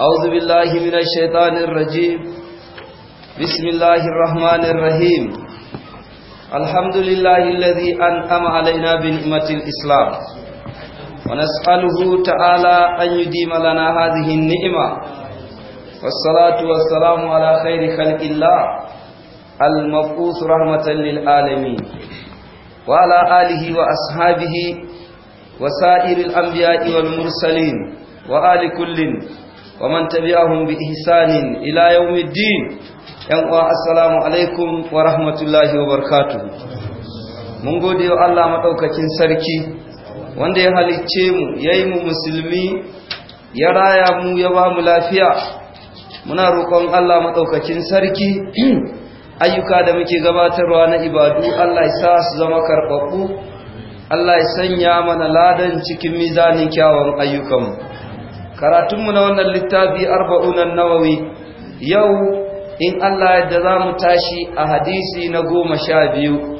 أعوذ بالله من الشيطان الرجيم بسم الله الرحمن الرحيم الحمد لله الذي أنعم علينا بنعمة الإسلام ونسأله تعالى أن يديم لنا هذه النعمة والصلاة والسلام على خير خلق الله المبعوث رحمة للعالمين وعلى آله وأصحابه وسائر الأنبياء والمرسلين وآل كل wa man tabi'ahum bi ihsanin ila yaumiddin yan uwa assalamu alaikum wa rahmatullahi wa barakatuh mun gode wa Allah madaukakin sarki wanda ya halicce mu yayi mu musulmi ya raya mu ya ba mu lafiya muna roƙon Allah madaukakin sarki ayyuka da muke gabatarwa na ibadu Allah ya sa su zama karɓaɓɓu Allah ya sanya mana ladan cikin mizanin kyawun ayyukanmu karatunmu na wannan littafi arba'unan nawawi yau in Allah yadda za mu tashi a hadisi na goma sha biyu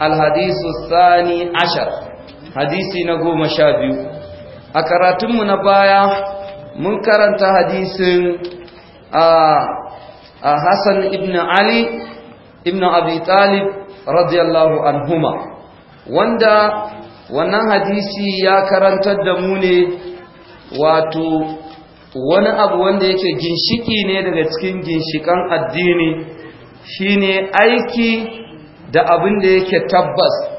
alhadisu sani ashar hadisi na goma sha biyu a karatunmu na baya mun karanta hadisin a hassan ibn ali ibn abi talib radiyallahu anhuma wanda wannan hadisi ya karantar da mu ne wato wani abu wanda yake ginshiki ne daga cikin ginshikan addini shine aiki da abin da yake tabbas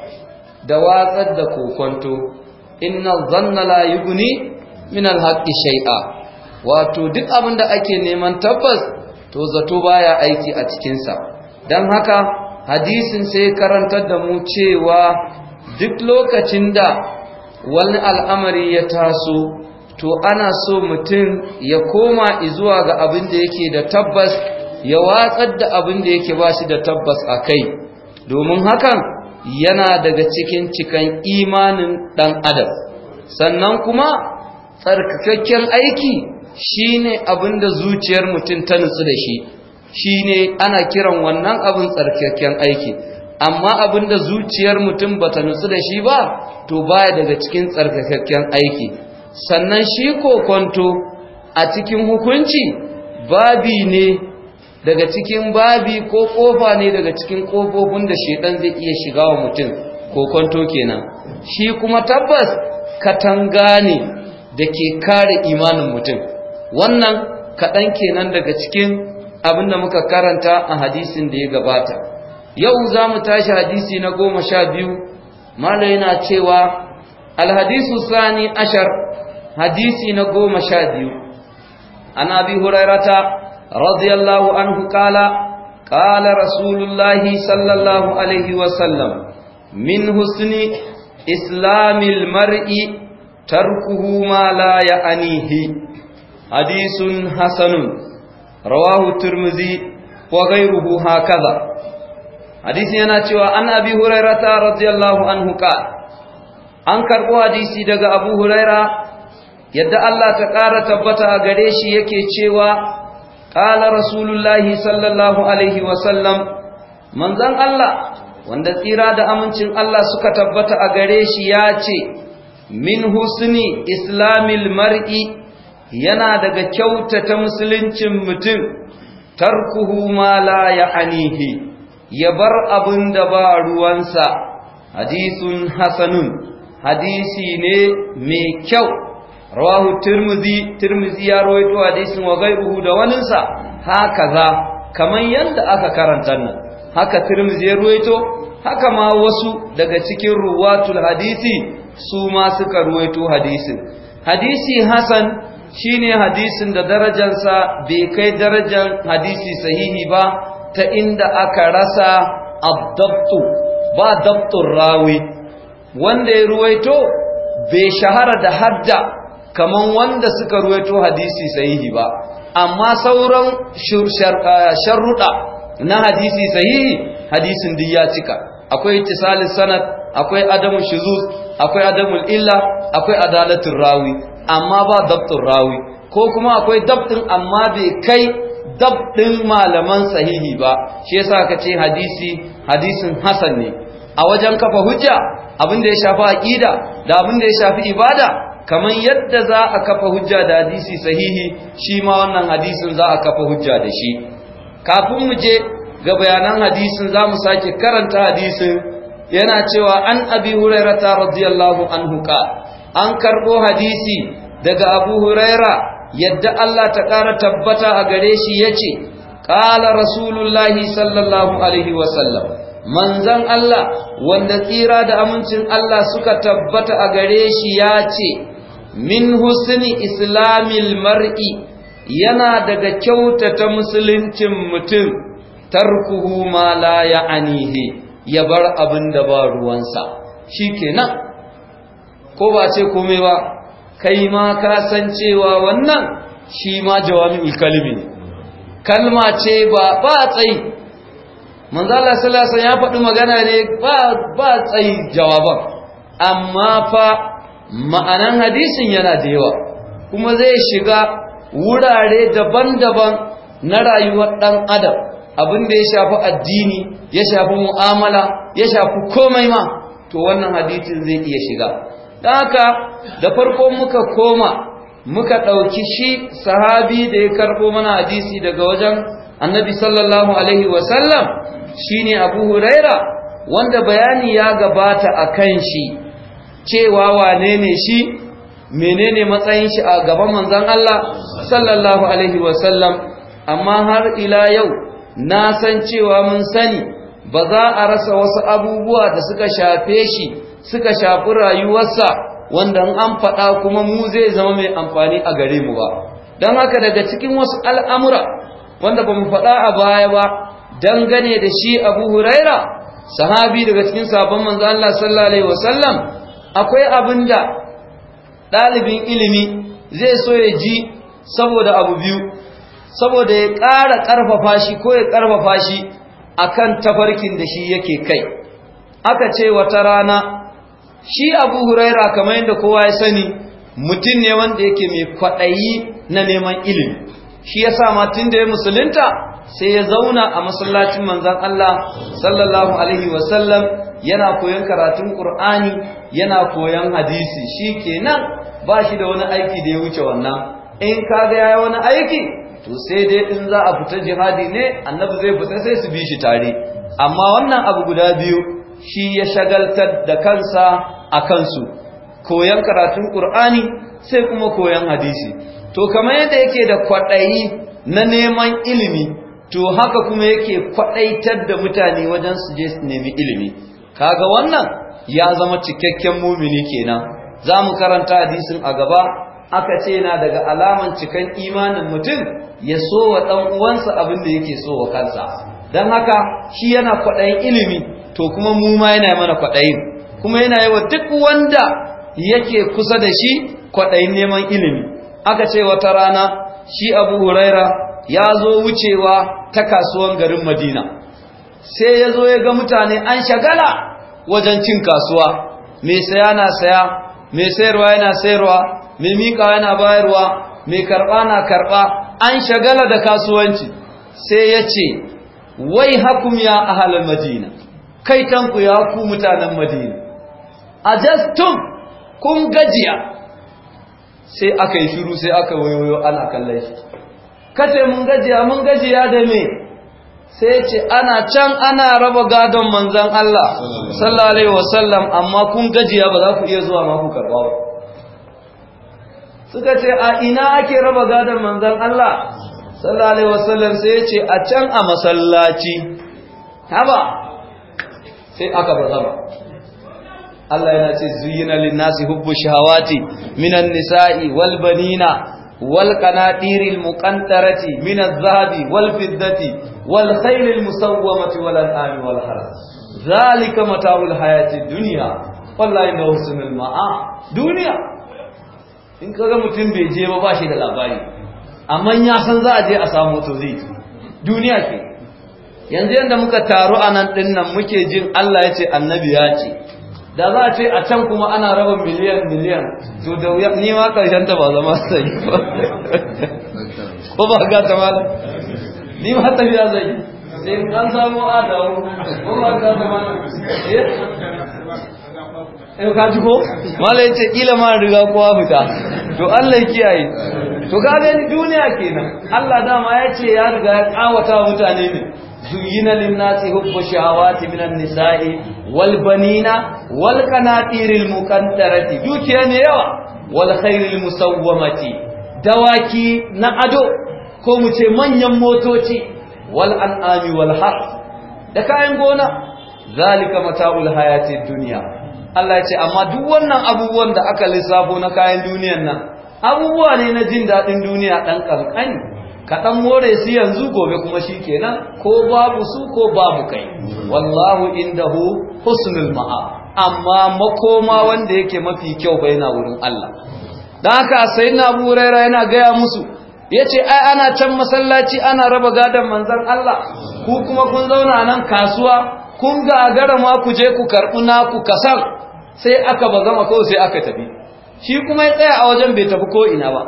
da watsar da kokonto inna zanna la yughni min al shay'a wato duk abin da ake neman tabbas to zato baya aiki a cikinsa don haka hadisin sai karantar da mu cewa duk lokacin da wani al'amari ya taso to ana so mutum ya koma izuwa ga abin da yake da tabbas ya watsar da abin da yake ba shi da tabbas a kai domin hakan yana daga cikin cikan imanin ɗan adam sannan kuma tsarkakakken aiki shi ne abin da zuciyar mutum ta nutsu da shi shi ne ana kiran wannan abin tsarkakken aiki amma abin da zuciyar mutum bata nutsu da shi ba to baya daga cikin tsarkakakken aiki sannan shi kokonto a cikin hukunci babi ne daga cikin babi ko kofa ne daga cikin kofofin da shedan zai iya shiga wa mutum kokonto kenan shi kuma tabbas katanga ne da ke kare imanin mutum wannan kaɗan kenan daga cikin abin da muka karanta a hadisin da ya gabata yau za mu tashi hadisi na goma sha biyu mala yana cewa alhadisu sani ashar hadisi na goma sha biyu an abi hurairata radiyallahu anhu kala kala rasulullahi sallallahu alaihi wasallam min husni islamil mar'i tarkuhu ma la ya'anihi hadisun hasanun rawahu turmuzi wa ghayruhu hakaza hadisi yana cewa an abi hurairata radiyallahu anhu qala an karɓo hadisi daga abu huraira yadda Allah ta ƙara tabbata a gare shi yake cewa ƙala rasulullahi sallallahu alaihi wasallam manzan Allah wanda tsira da amincin Allah suka tabbata a gare shi ya ce min husni islamil mar'i yana daga kyautata musuluncin mutum tarkuhu ma la ya'anihi ya bar abin da ba ruwansa hadisun hasanun hadisi ne mai kyau rawahu tirmizi tirmizi ya rawaito hadisin wa ghayruhu da waninsa hakaza kaman yanda aka karanta nan haka tirmizi ya rawaito haka ma wasu daga cikin ruwatul hadisi su ma suka rawaito hadisin hadisi hasan shine hadisin da darajarsa bai kai darajar hadisi sahihi ba ta inda aka rasa abdabtu ba dabtun rawi wanda ya ruwaito bai shahara da hadda kaman wanda suka ruwaito hadisi sahihi ba amma sauran sharruɗa na hadisi sahihi hadisin duk ya cika akwai tisali sanad akwai adamu shuzuz akwai adamu illa akwai adalatin rawi amma ba dabtun rawi ko kuma akwai dabtin amma bai kai dabtin malaman sahihi ba shi yasa ka ce hadisi hadisin hasan ne a wajen kafa hujja abin da ya shafi aqida da abin da ya shafi ibada kamar yadda za a kafa hujja da hadisi sahihi shi ma wannan hadisin za a kafa hujja da shi kafin mu je ga bayanan hadisin za mu sake karanta hadisin yana cewa an abi ta radiyallahu anhu ka an karbo hadisi daga abu huraira yadda Allah ta ƙara tabbata a gare shi ya ce, ƙala Rasulullahi sallallahu Alaihi wasallam, manzan Allah wanda tsira da amincin Allah suka tabbata a gare shi ya ce, min husni islamil mar'i yana daga kyautata musuluncin mutum tarkuhu ma la ya'anihi ya bar abin da ba ruwansa shikenan ko ba ce komai ba kai ma ka san cewa wannan shi ma jawami'ul kalimi ne kalma ce ba ba tsayi manzo Allah sallallahu alaihi wasallam ya faɗi magana ne ba ba tsayi jawaban amma fa ma'anan hadisin yana da yawa kuma zai shiga wurare daban-daban na rayuwar ɗan adam abin da ya shafi addini ya shafi mu'amala ya shafi komai ma to wannan hadisin zai iya shiga don haka da farko muka koma muka ɗauki shi sahabi da ya karɓo mana hadisi daga wajen annabi sallallahu alaihi wasallam shi ne abu huraira wanda bayani ya gabata a kan shi cewa wane ne shi menene matsayin shi a gaban manzan Allah sallallahu alaihi wasallam amma har ila yau na san cewa mun sani ba za a rasa wasu abubuwa da suka shafe shi suka shafi rayuwarsa wanda an faɗa kuma mu zai zama mai amfani a gare mu ba don haka daga cikin wasu al'amura wanda ba mu faɗa a baya ba dangane da shi abu huraira sahabi daga cikin sabon manzo Allah sallallahu alaihi wasallam akwai abin da ɗalibin ilimi zai so ya ji saboda abu biyu saboda ya ƙara ƙarfafa shi ko ya ƙarfafa shi a kan tafarkin da shi yake kai aka ce wata rana shi abu huraira kamar yadda kowa ya sani mutum ne wanda yake mai kwaɗayi na neman ilimi shi ya sa ma da ya musulunta sai ya zauna a masallacin manzan Allah sallallahu alaihi wasallam yana koyon karatun Qur'ani yana koyon hadisi shikenan ba shi da wani aiki da ya wuce wannan in kaga yayi wani aiki to sai dai in za a fita jihadi ne annabi zai fita sai su bi shi tare amma wannan abu guda biyu shi ya shagaltar da kansa a kansu koyon karatun Qur'ani sai kuma koyon hadisi to kamar yadda yake da kwaɗayi na neman ilimi to haka kuma yake kwadaitar da mutane wajen su je su nemi ilimi kaga wannan ya zama cikakken mumini kenan za mu karanta hadisin a gaba aka ce na daga alaman cikan imanin mutum ya so wa ɗan uwansa abin da yake so wa kansa dan haka shi yana kwaɗayin ilimi to kuma mu ma yana mana kwaɗayin kuma yana yi wa duk wanda yake kusa da shi kwaɗayin neman ilimi aka ce wata rana shi abu huraira ya zo wucewa ta kasuwan garin madina sai ya zo ya ga mutane an shagala wajen cin kasuwa mai saya na saya mai sayarwa yana sayarwa mai miƙa yana bayarwa mai karɓa na karɓa an shagala da kasuwanci sai ya ce wai hakum ya ahalar madina kai tanku ya ku mutanen madina a jastun kun gajiya sai aka yi shiru sai aka wayoyo ana kallon shi kace mun gajiya mun gajiya da me sai ce ana can ana raba gadon manzan Allah sallallahu alaihi wasallam amma kun gajiya ba za ku iya zuwa ma ku karba ba suka ce a ina ake raba gadon manzan Allah sallallahu alaihi wasallam sai ce a can a masallaci haba sai aka bazama Allah yana ce zuyina linnasi hubbu shahawati minan nisa'i wal banina والقناطير المقنطرة من الذهب والفضة والخيل المسومة والأنعام والحرث ذلك متاع الحياة الدنيا والله إنه حسن المآب دنيا in kaga mutum bai je ba bashi da labari amma ya san za je a samu to zai duniya ke yanzu yanda muka taru a nan dinnan muke jin Allah ya ce annabi ce da za a ce a can kuma ana raba miliyan miliyan to da wuya ni ma karshen ta ba zama sai ba ko ba ga ta mala ni ma biya zai sai kan samu adawo ko ba ga ta mala eh? eh ka ji ko mala yace kila ma riga a fita to Allah ya kiyaye to ga duniya kenan Allah dama yace ya riga ya kawata mutane ne زين للناس حب الشهوات من النساء والبنين والقناطير المقنطرة دوكيا نيوا والخير المسومة دواكي نعدو ko mu ce manyan motoci wal an'ami wal har da kayan gona zalika mata'ul hayatid dunya ya ce amma duk wannan abubuwan da aka lissafo na kayan duniyar nan abubuwa ne na jin daɗin duniya ɗan ƙanƙani? kaɗan more su yanzu gobe kuma shi kenan ko babu su ko babu kai wallahu indahu husnul ma'a amma makoma wanda yake mafi kyau bai na wurin Allah dan haka sai na buraira yana gaya musu yace ce ai ana can masallaci ana raba gadon manzan Allah ku kuma kun zauna nan kasuwa kun ga gagara ma ku je ku karɓi naku kasar sai aka ba gama sai aka tafi shi kuma ya tsaya a wajen bai tafi ko ina ba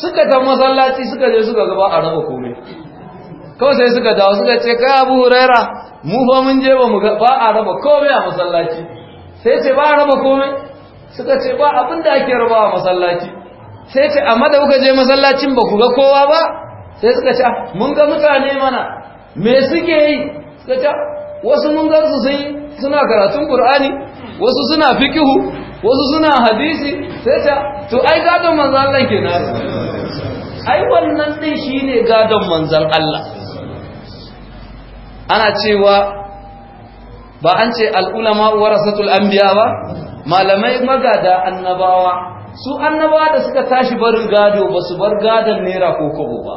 suka ta masallaci suka je suka gaba a raba kome. kawai sai suka dawo suka ce kai abu huraira mu fa mun je ba mu ga ba a raba kome a masallaci sai ce ba a raba kome. suka ce ba abin da ake raba a masallaci sai ce amma da kuka je masallacin ba ku ga kowa ba sai suka ce ah, mun ga mutane mana me suke yi suka ce ah, wasu mun su sun suna karatun qur'ani wasu suna fikihu wasu suna hadisi sai ta to ai gadon manzan Allah ke na ai wannan ɗin shi ne gadon manzan Allah ana cewa ba an ce al'ulama warasatul anbiya ba malamai magada annabawa su annabawa da suka tashi barin gado ba su bar gadon nera ko kobo ba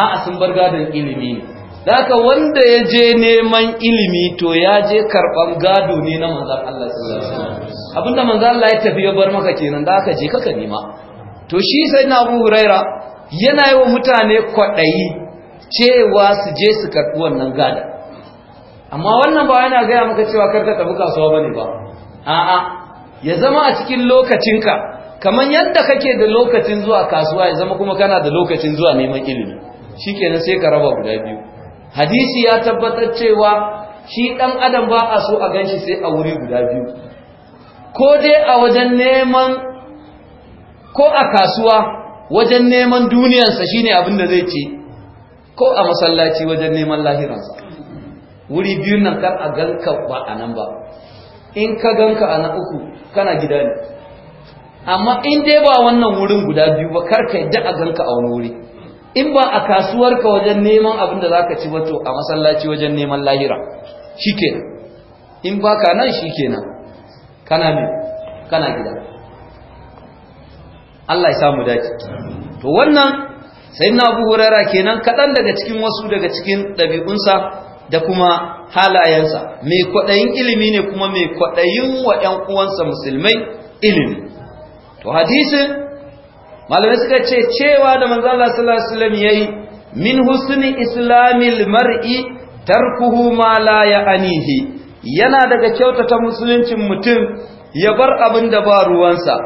a'a sun bar gadon ilimi da haka wanda ya je neman ilimi to ya je karɓan gado ne na manzan Allah sallallahu abinda manzo Allah ya tafi ya bar maka kenan da aka je kaka nema to shi sayyidina Abu Huraira yana yi wa mutane kwadayi cewa su je su karɓi wannan gada amma wannan ba yana gaya maka cewa karka tafi kasuwa bane ba a'a ya zama a cikin lokacinka kaman yadda kake da lokacin zuwa kasuwa ya zama kuma kana da lokacin zuwa neman ilimi shikenan sai ka raba guda biyu hadisi ya tabbatar cewa shi dan adam ba a so a ganshi sai a wuri guda biyu ko dai a wajen neman ko a kasuwa wajen neman duniyarsa shine abin da zai ci ko a masallaci wajen neman lahiransa wuri biyun nan kar a ganka ba a nan ba in ka ganka a na uku kana gida ne amma in dai ba wannan wurin guda biyu ba kar ka yadda a ganka a wani wuri in ba a kasuwarka wajen neman abin da za ka ci wato a masallaci wajen neman lahira shikenan in ba ka nan shi nan. kana me kana gida Allah ya samu daki to wannan sayyidina Abu Huraira kenan kadan daga cikin wasu daga cikin dabi'unsa da kuma halayensa mai kwadayin ilimi ne kuma mai kwadayin wa ƴan uwansa musulmai ilimi to hadisin malamai suka ce cewa da manzo Allah sallallahu alaihi wasallam yayi min husni islamil mar'i tarkuhu ma la ya'anihi yana daga kyautata musuluncin mutum ya bar abin da ba ruwansa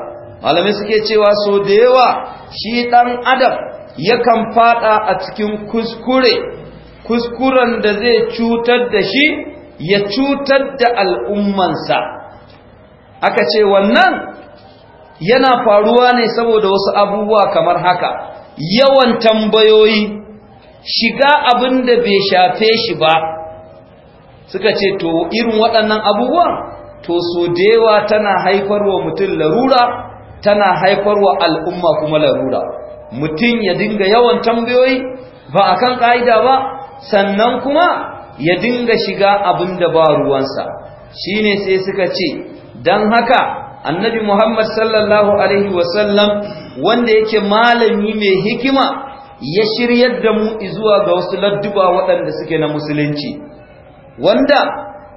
malamai suke cewa so da yawa shi ɗan adam yakan fada a cikin kuskure kuskuren da zai cutar da shi ya cutar da al'ummansa aka ce wannan yana faruwa ne saboda wasu abubuwa kamar haka yawan tambayoyi shiga abin da bai shafe shi ba suka ce to irin waɗannan abubuwan to so dewa tana haifarwa mutum larura tana haifarwa al'umma kuma larura mutum ya dinga yawan tambayoyi ba a kan ƙa'ida ba sannan kuma ya dinga shiga abin da ba ruwansa shi ne sai suka ce don haka annabi muhammad sallallahu alaihi wasallam wanda yake malami mai hikima ya shiryar da mu zuwa ga wasu ladduba waɗanda suke na musulunci wanda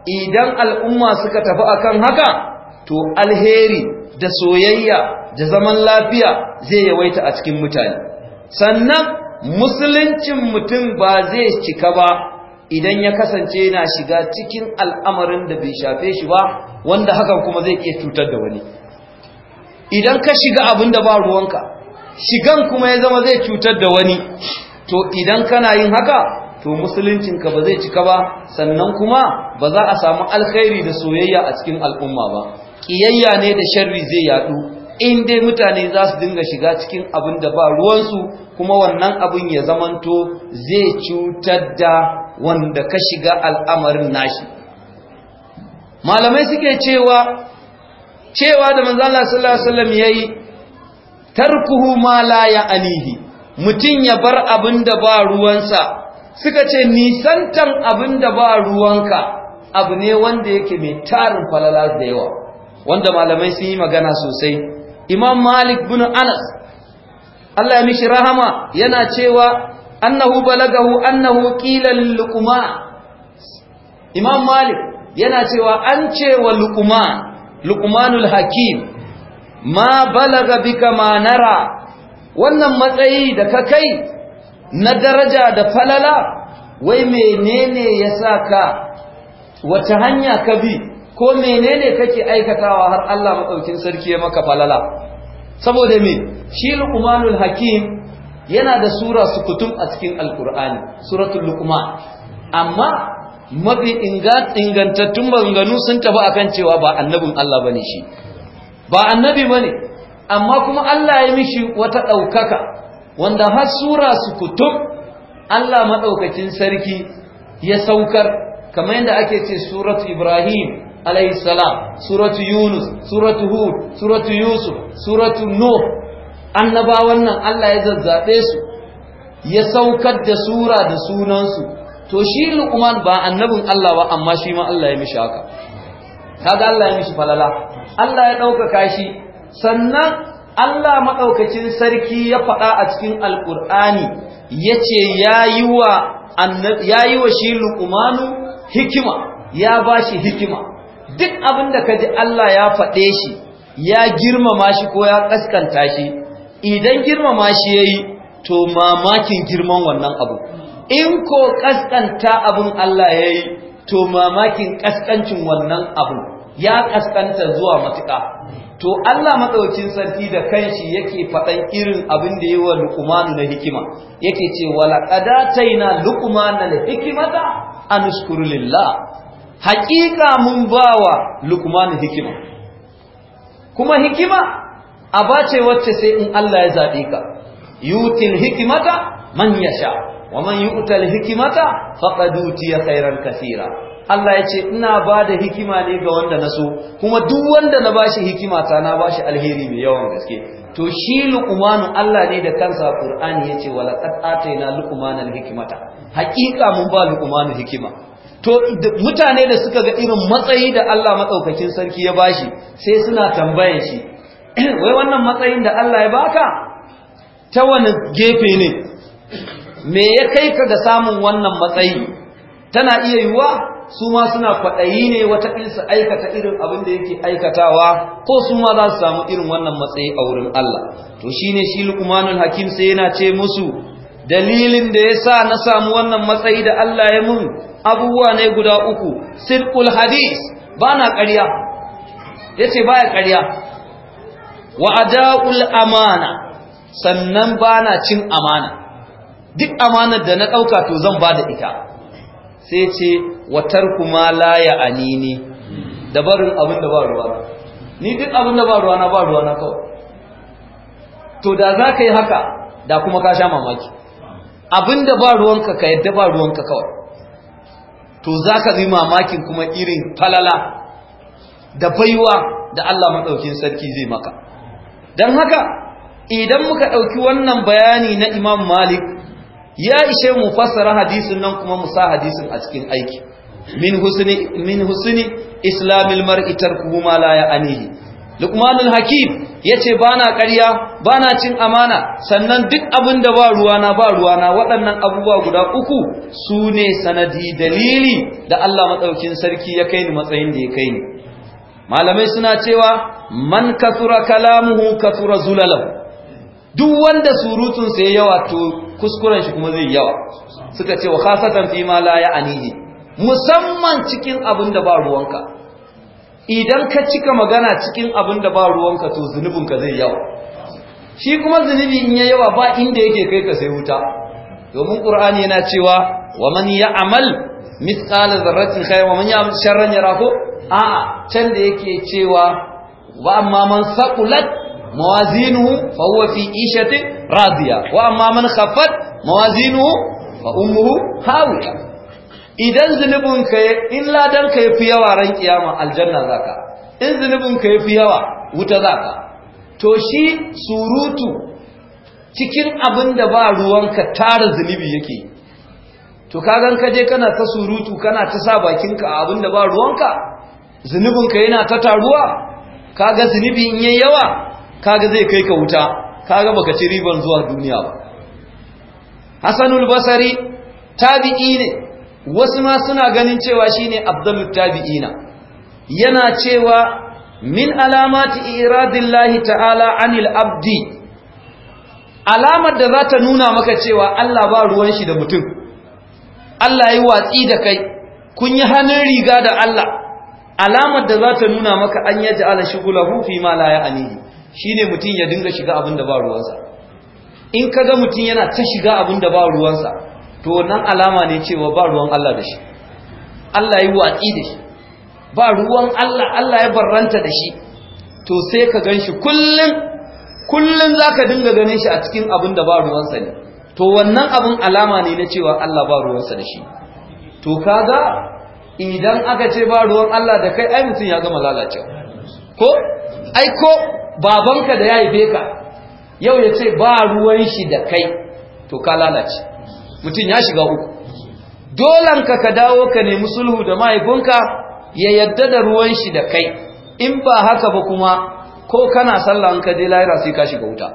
idan al'umma suka tafi akan haka to alheri da soyayya da zaman lafiya zai yawaita a cikin mutane sannan musuluncin mutum ba zai cika ba idan ya kasance na shiga cikin al'amarin da bai shafe shi ba wanda hakan kuma zai iya cutar da wani idan ka shiga abin da ba ruwanka shigan kuma ya zama zai cutar da wani to idan kana yin haka to musuluncinka ba zai cika ba sannan kuma ba za a samu alkhairi da soyayya a cikin al'umma ba ƙiyayya ne da sharri zai yadu in dai mutane za su dinga shiga cikin abin da ba ruwansu kuma wannan abin ya zamanto zai cutar da wanda ka shiga al'amarin nashi malamai suke cewa cewa da manzala sallallahu alaihi wasallam yayi tarkuhu ma la ya'anihi mutun ya bar abin da ba ruwansa suka ce nisantan abin da ba ruwanka abu ne wanda yake mai tarin falala da yawa wanda malamai sun yi magana sosai imam malik bin anas Allah ya mishi rahama yana cewa annahu balagahu annahu qila luqman imam malik yana cewa an cewa luquma luqmanul hakim ma balaga bika ma wannan matsayi da ka kai na daraja da falala wai menene ya sa ka wata hanya ka bi ko menene kake aikatawa har Allah maɗaukin sarki ya maka falala saboda me shi luqmanul hakim yana da sura kutum a cikin alkur'ani suratul luqman amma mafi ingantattun maganganu sun tafi akan cewa ba annabin Allah bane shi ba annabi bane amma kuma Allah ya mishi wata ɗaukaka wanda har sura su kutub Allah maɗaukacin sarki ya saukar kamar yadda ake ce suratu Ibrahim alayhi salam suratu Yunus suratu Hud suratu Yusuf suratu Nuh annabawan nan Allah ya zazzaɓe su ya saukar da sura da sunansu to shi Luqman ba annabin Allah ba amma shi ma Allah ya mishi haka kaga Allah ya mishi falala Allah ya ɗaukaka shi sannan Allah maɗaukacin sarki ya faɗa a cikin alƙur'ani ya ce ya yi wa shi lukumanu hikima ya ba shi hikima duk abin da ka ji Allah ya faɗe shi ya girmama shi ko ya ƙaskanta shi idan girmama shi ya yi to mamakin girman wannan abu in ko ƙaskanta abin Allah ya yi to mamakin ƙaskancin wannan abu ya ƙaskanta zuwa matuƙa to Allah matsaukin sarki da kanshi yake faɗan irin abin da yawa luqmanu na hikima yake ce wala qadataina luqmana al hikimata an shukuru lillah haqiqa mun bawa luqmanu hikima kuma hikima abace wacce sai in Allah ya zabe ka yutil hikimata man yasha wa man yu'tal hikimata faqad utiya khairan kasira Allah ya ce ina ba da hikima ne ga wanda na so kuma duk wanda na bashi hikima ta na bashi alheri mai yawan gaske to shi luqmanu Allah ne da kansa Qur'ani ce wala qad atayna luqmana alhikmata haqiqa mun ba luqmanu hikima to mutane da suka ga irin matsayi da Allah madaukakin sarki ya bashi sai suna tambayan shi wai wannan matsayin da Allah ya baka ta wani gefe ne me ya kai ka ga samun wannan matsayi tana iya yiwuwa su ma suna kwaɗayi ne wata ƙinsa aikata irin abin da yake aikatawa ko su ma za su samu irin wannan matsayi a wurin Allah to shi ne shi lukumanin hakim sai yana ce musu dalilin da ya sa na samu wannan matsayi da Allah ya mun abubuwa ne guda uku sirkul hadis ba na ƙarya ya ce ba ya ƙarya wa ada'ul amana sannan ba na cin amana duk amanar da na ɗauka to zan ba da ita sai ce watar kuma la ya anini da barin abin da ba ruwa ni duk abin da ba ruwa na ba ruwa na kawai to da za ka yi haka da kuma ka sha mamaki abin da ba ruwanka ka yadda ba ruwanka kawai to za ka zai mamakin kuma irin falala da baiwa da Allah maɗaukin sarki zai maka don haka idan muka ɗauki wannan bayani na imam malik ya ishe mu fassara hadisin nan kuma mu sa hadisin a cikin aiki min husni min husni islamil mar'i tarkuhu ma la ya'nihi luqmanul hakim yace bana ƙarya bana cin amana sannan duk abin da ba ruwana ba ruwa na waɗannan abubuwa guda uku su ne sanadi dalili da Allah madaukin sarki ya kai ni matsayin da ya kai ni malamai suna cewa man kasura kalamuhu kasura zulalahu duk wanda surutun sai yawa to kuskuren shi kuma zai yawa suka ce wa khasatan fi ma la ya'anihi musamman cikin abin da ba ruwanka idan ka cika magana cikin abin da ba ruwanka to ka zai yawa shi kuma zunubi in ya yawa ba inda yake kai ka sai wuta domin qur'ani yana cewa wa man ya'mal mithqala dharratin khayran wa man ya'mal sharran yarahu a'a can da yake cewa wa amma man saqulat mawazinuhu fa huwa fi ishatin radiya wa amma man khaffat mawazinuhu fa ummuhu hawiya idan zunubin ka in ladan ka yafi yawa ran kiyama aljanna zaka in zunubin ka yafi yawa wuta zaka to shi surutu cikin abin da ba ruwanka tara zunubi yake to kagan ka je kana ta surutu kana ta sa bakinka a abin da ba ruwanka zunubinka yana ta taruwa kaga zunubi in yayi yawa kaga zai kai ka wuta kaga baka ci riban zuwa duniya ba hasanul basari tabi'i ne wasu ma suna ganin cewa shine afdalut tabi'ina yana cewa min alamati iradillahi ta'ala anil abdi alamar da za ta nuna maka cewa Allah ba ruwan shi da mutum Allah yi watsi da kai kun yi hannun riga da Allah alamar da za ta nuna maka an yaji ala shigulahu fi ma la ya'anihi shine mutum ya dinga shiga abin da ba ruwansa in ka ga mutum yana ta shiga abin da ba ruwansa to nan alama ne cewa ba ruwan Allah da shi Allah ya watsi da shi ba ruwan Allah Allah ya barranta da shi to sai ka gan shi kullum kullum za ka dinga ganin shi a cikin abin da ba ruwansa ne to wannan abin alama ne na cewa Allah ba ruwansa da shi to kaga idan aka ce ba ruwan Allah da kai ai mutum ya gama lalacewa ko ai ko babanka da ya haife ka yau ya ce ba ruwan shi da kai to ka lalace mutum ya shiga uku dolanka ka dawo ka nemi sulhu da mahaifinka ya yadda da ruwan shi da kai in ba haka ba kuma ko kana sallah ka je lahira sai ka shiga wuta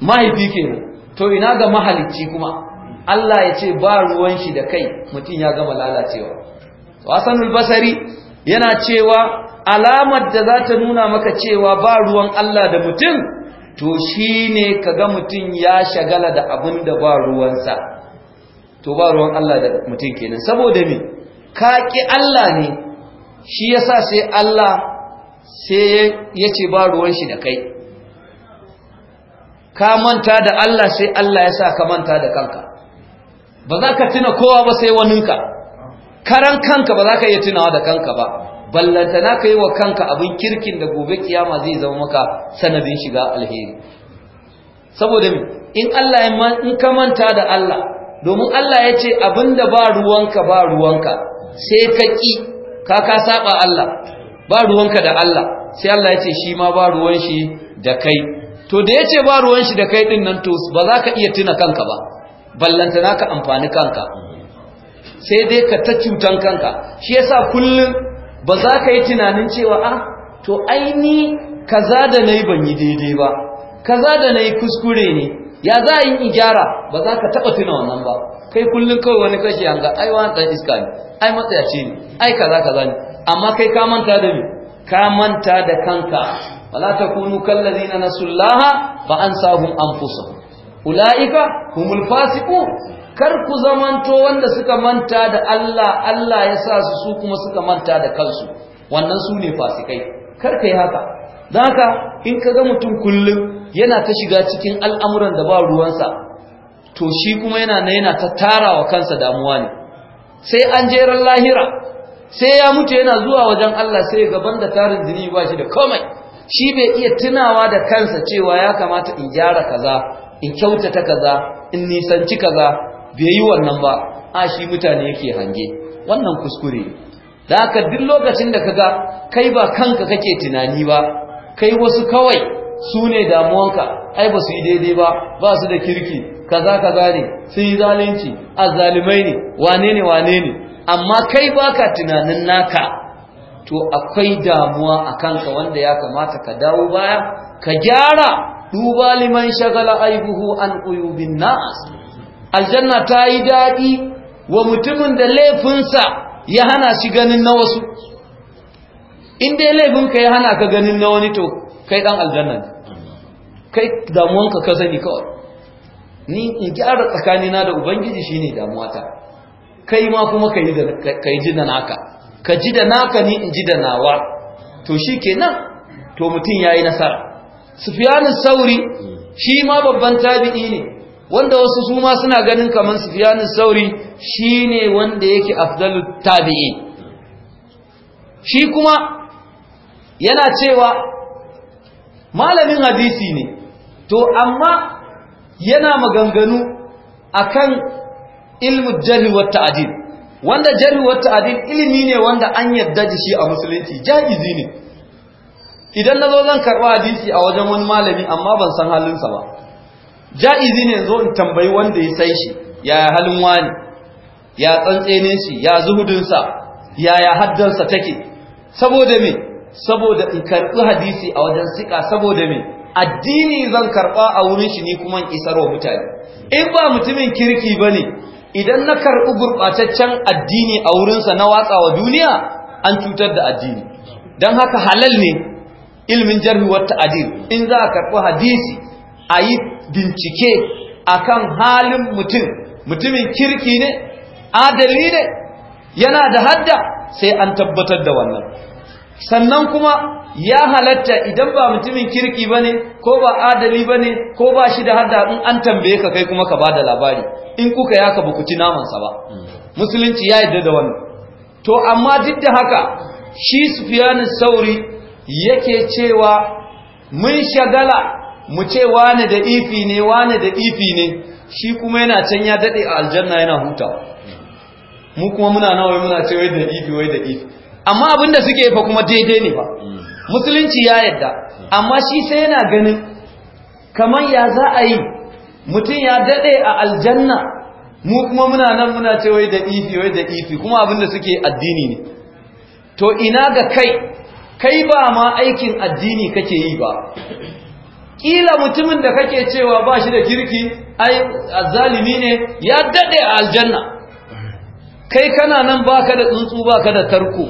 mahaifi kenan to ina ga mahalicci kuma Allah ya ce ba ruwan shi da kai mutum ya gama lalacewa wasan basari yana cewa alamar da za ta nuna maka cewa ba ruwan Allah da mutum to shi ne ka ga mutum ya shagala da abin da ba ruwansa to ba ruwan Allah da mutum kenan saboda me ka ƙi Allah ne shi ya sa sai Allah sai ya ce ba ruwan shi da kai ka manta da Allah sai Allah ya sa ka manta da kanka ba za ka tuna kowa ba sai waninka karan kanka ba za ka iya tunawa da kanka ba ballantana ka yi wa kanka abin kirkin da gobe kiyama zai zama maka sanadin shiga alheri saboda in Allah ya in ka manta da Allah domin Allah ya ce abinda ba ruwanka ba ruwanka sai ka ki ka ka saba Allah ba ruwanka da Allah sai Allah ya ce shi ma ba ruwan shi da kai to da ya ce ba ruwan shi da kai din nan to ba za ka iya tuna kanka ba ballantana ka amfani kanka sai dai ka ta cutan kanka shi yasa kullum ba za ka yi tunanin cewa a ah, to aini kaza da nayi ban yi daidai ba kaza da nayi kuskure ne ya za a yi in gyara ba za ka taba tuna wannan ba kai kullum kawai wani kashi an ga ai wani ɗan iska ne ai matsayaci ne ai kaza kaza ne amma kai ka manta da me ka manta da kanka wala takunu kallazina ba an ansahum anfusahum ulaika humul fasiqun kar ku zamanto wanda suka manta da Allah Allah ya sa su su kuma suka manta da kansu wannan su ne fasikai kar kai haka don haka in ka ga mutum kullum yana ta shiga cikin al'amuran da ba ruwansa to shi kuma yana na yana ta tara wa kansa damuwa ne sai an jeran lahira sai ya mutu yana zuwa wajen Allah sai gaban da tarin jini ba shi da komai shi bai iya tunawa da kansa cewa ya kamata in gyara kaza in kyautata kaza in nisanci kaza bai yi wannan ba a shi mutane yake hange wannan kuskure da aka duk lokacin da kaga kai ba kanka kake tunani ba kai wasu kawai su ne damuwanka ai ba su yi daidai ba ba su da kirki kaza ka ne sun yi zalunci azzalimai ne wane ne wane ne amma kai baka tunanin naka to akwai damuwa a kanka wanda ya kamata ka dawo baya ka gyara duba liman shagala aibuhu an uyubin nas aljanna ta yi daɗi wa mutumin da laifinsa ya hana shi ganin na wasu in dai laifinka ya hana ka ganin na wani to kai ɗan aljanna ne kai damuwanka ka sani kawai ni in gyara tsakanina da ubangiji shine damuwata kai ma kuma ka yi ji da naka ka ji da naka ni in ji da nawa to shi kenan to mutum ya yi nasara sufiyanu sauri hmm. shi ma babban tabi'i ne wanda wasu su ma suna ganin kamar Sufyan sauri shine wanda yake afdalu tabi'i shi kuma yana cewa malamin hadisi ne to amma yana maganganu akan ilmu jarri wa ta'dil wanda jarri wa ta'dil ilimi ne wanda an yadda da shi a musulunci jaizi ne idan nazo zan karba hadisi a wajen wani malami amma ban san halinsa ba ja'izi ne zo in tambayi wanda ya sai shi ya halin wani ya tsantsenin shi ya zuhudinsa yaya haddansa take saboda me saboda in karɓi hadisi a wajen sika saboda me addini zan karɓa a wurin shi ni kuma in wa mutane in ba mutumin kirki ba ne idan na karɓi gurɓataccen addini a wurinsa na watsa wa duniya an cutar da addini don haka halal ne ilmin jarhi wa ta'adil in za a karɓi hadisi a yi bincike akan halin mutum mutumin kirki ne adali ne yana da hadda sai an tabbatar da wannan sannan kuma ya halatta idan ba mutumin kirki ba ne ko ba adali ba ne ko ba shi da hadda in an tambaye ka kai kuma ka ba da labari in kuka yaka ka ku ci namansa ba musulunci ya yi da wannan to amma duk da haka shi sufiyanin sauri yake cewa mun shagala mu ce wane da ifi ne wane da ifi ne shi kuma yana can ya daɗe a aljanna yana huta mu kuma muna nawa muna ce wai da ifi wai da ifi amma abin da suke fa kuma daidai ne ba musulunci ya yadda amma shi sai yana ganin kamar ya za a yi mutum ya daɗe a aljanna mu kuma muna nan muna ce wai da ifi wai da ifi kuma abin da suke addini ne to ina ga kai kai ba ma aikin addini kake yi ba kila mutumin da kake cewa ba shi da kirki ai azalimi ne ya daɗe a aljanna kai kana nan baka da tsuntsu baka da tarko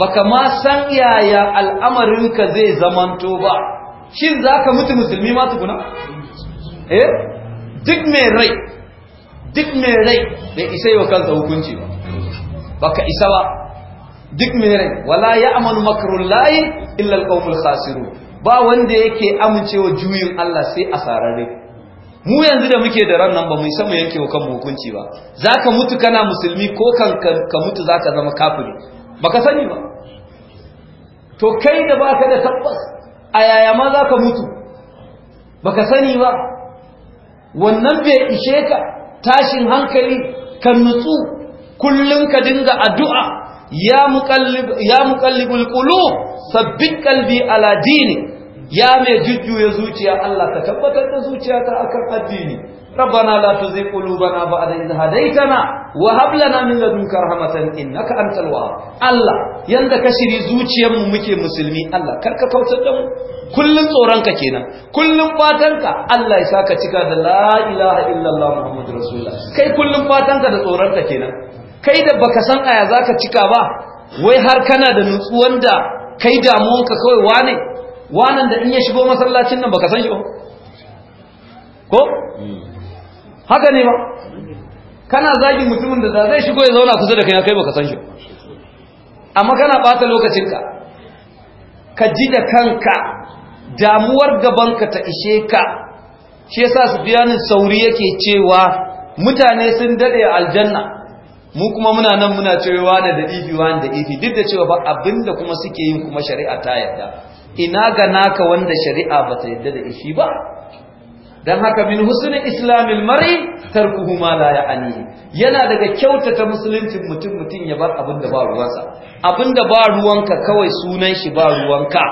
baka ma san yaya al'amarinka zai zamanto ba shin zaka mutu musulmi ma tukuna eh duk mai rai duk mai rai bai isa yau kansa hukunci ba baka isa ba duk mai rai wala ya'manu makrullahi illa alqawmul khasirun ba wanda yake amincewa juyin Allah sai a sararre mu yanzu da muke da ran nan ba mu san mu yanke kan hukunci ba zaka mutu kana musulmi ko kan ka mutu zaka zama kafiri baka sani ba to kai da baka da tabbas a yaya ma zaka mutu baka sani ba wannan bai ishe ka tashin hankali kan nutsu kullum ka dinga addu'a ya muqallib ya muqallibul qulub sabbit qalbi ala dinik ya mai jujjuya zuciya Allah ka tabbatar da zuciyata akan addini la tuzigh qulubana ba'da idh hadaytana wa hab lana min ladunka rahmatan innaka antal wahhab Allah yanda ka shiri zuciyar mu muke musulmi Allah kar ka kautar da mu kullun tsoronka kenan kullun ka Allah ya saka cika da la ilaha illallah muhammadur rasulullah kai kullun ka da tsoronka kenan kai da baka san aya zaka cika ba wai har kana da nutsuwan da kai damuwanka kawai wane wanan da in ya shigo masallacin nan baka san shi ba ko haka ne ba kana zagin mutumin da zai shigo ya zauna kusa da kai kai baka san shi amma kana bata lokacinka ka ji da kanka damuwar gabanka ta ishe ka shi yasa Sufyanin Sauri yake cewa mutane sun dade aljanna mu kuma muna nan muna cewa na da ibi wani da ifi. duk da cewa ba abinda kuma suke yin kuma shari'a ta yarda ina ga naka wanda shari'a ba ta yadda da ishi ba dan haka min husnul islamil mar'i tarkuhu ma la ya'ni yana daga kyautata musuluncin mutum mutum ya bar abin da ba ruwansa abin da ba ruwanka kawai sunan shi ba ruwanka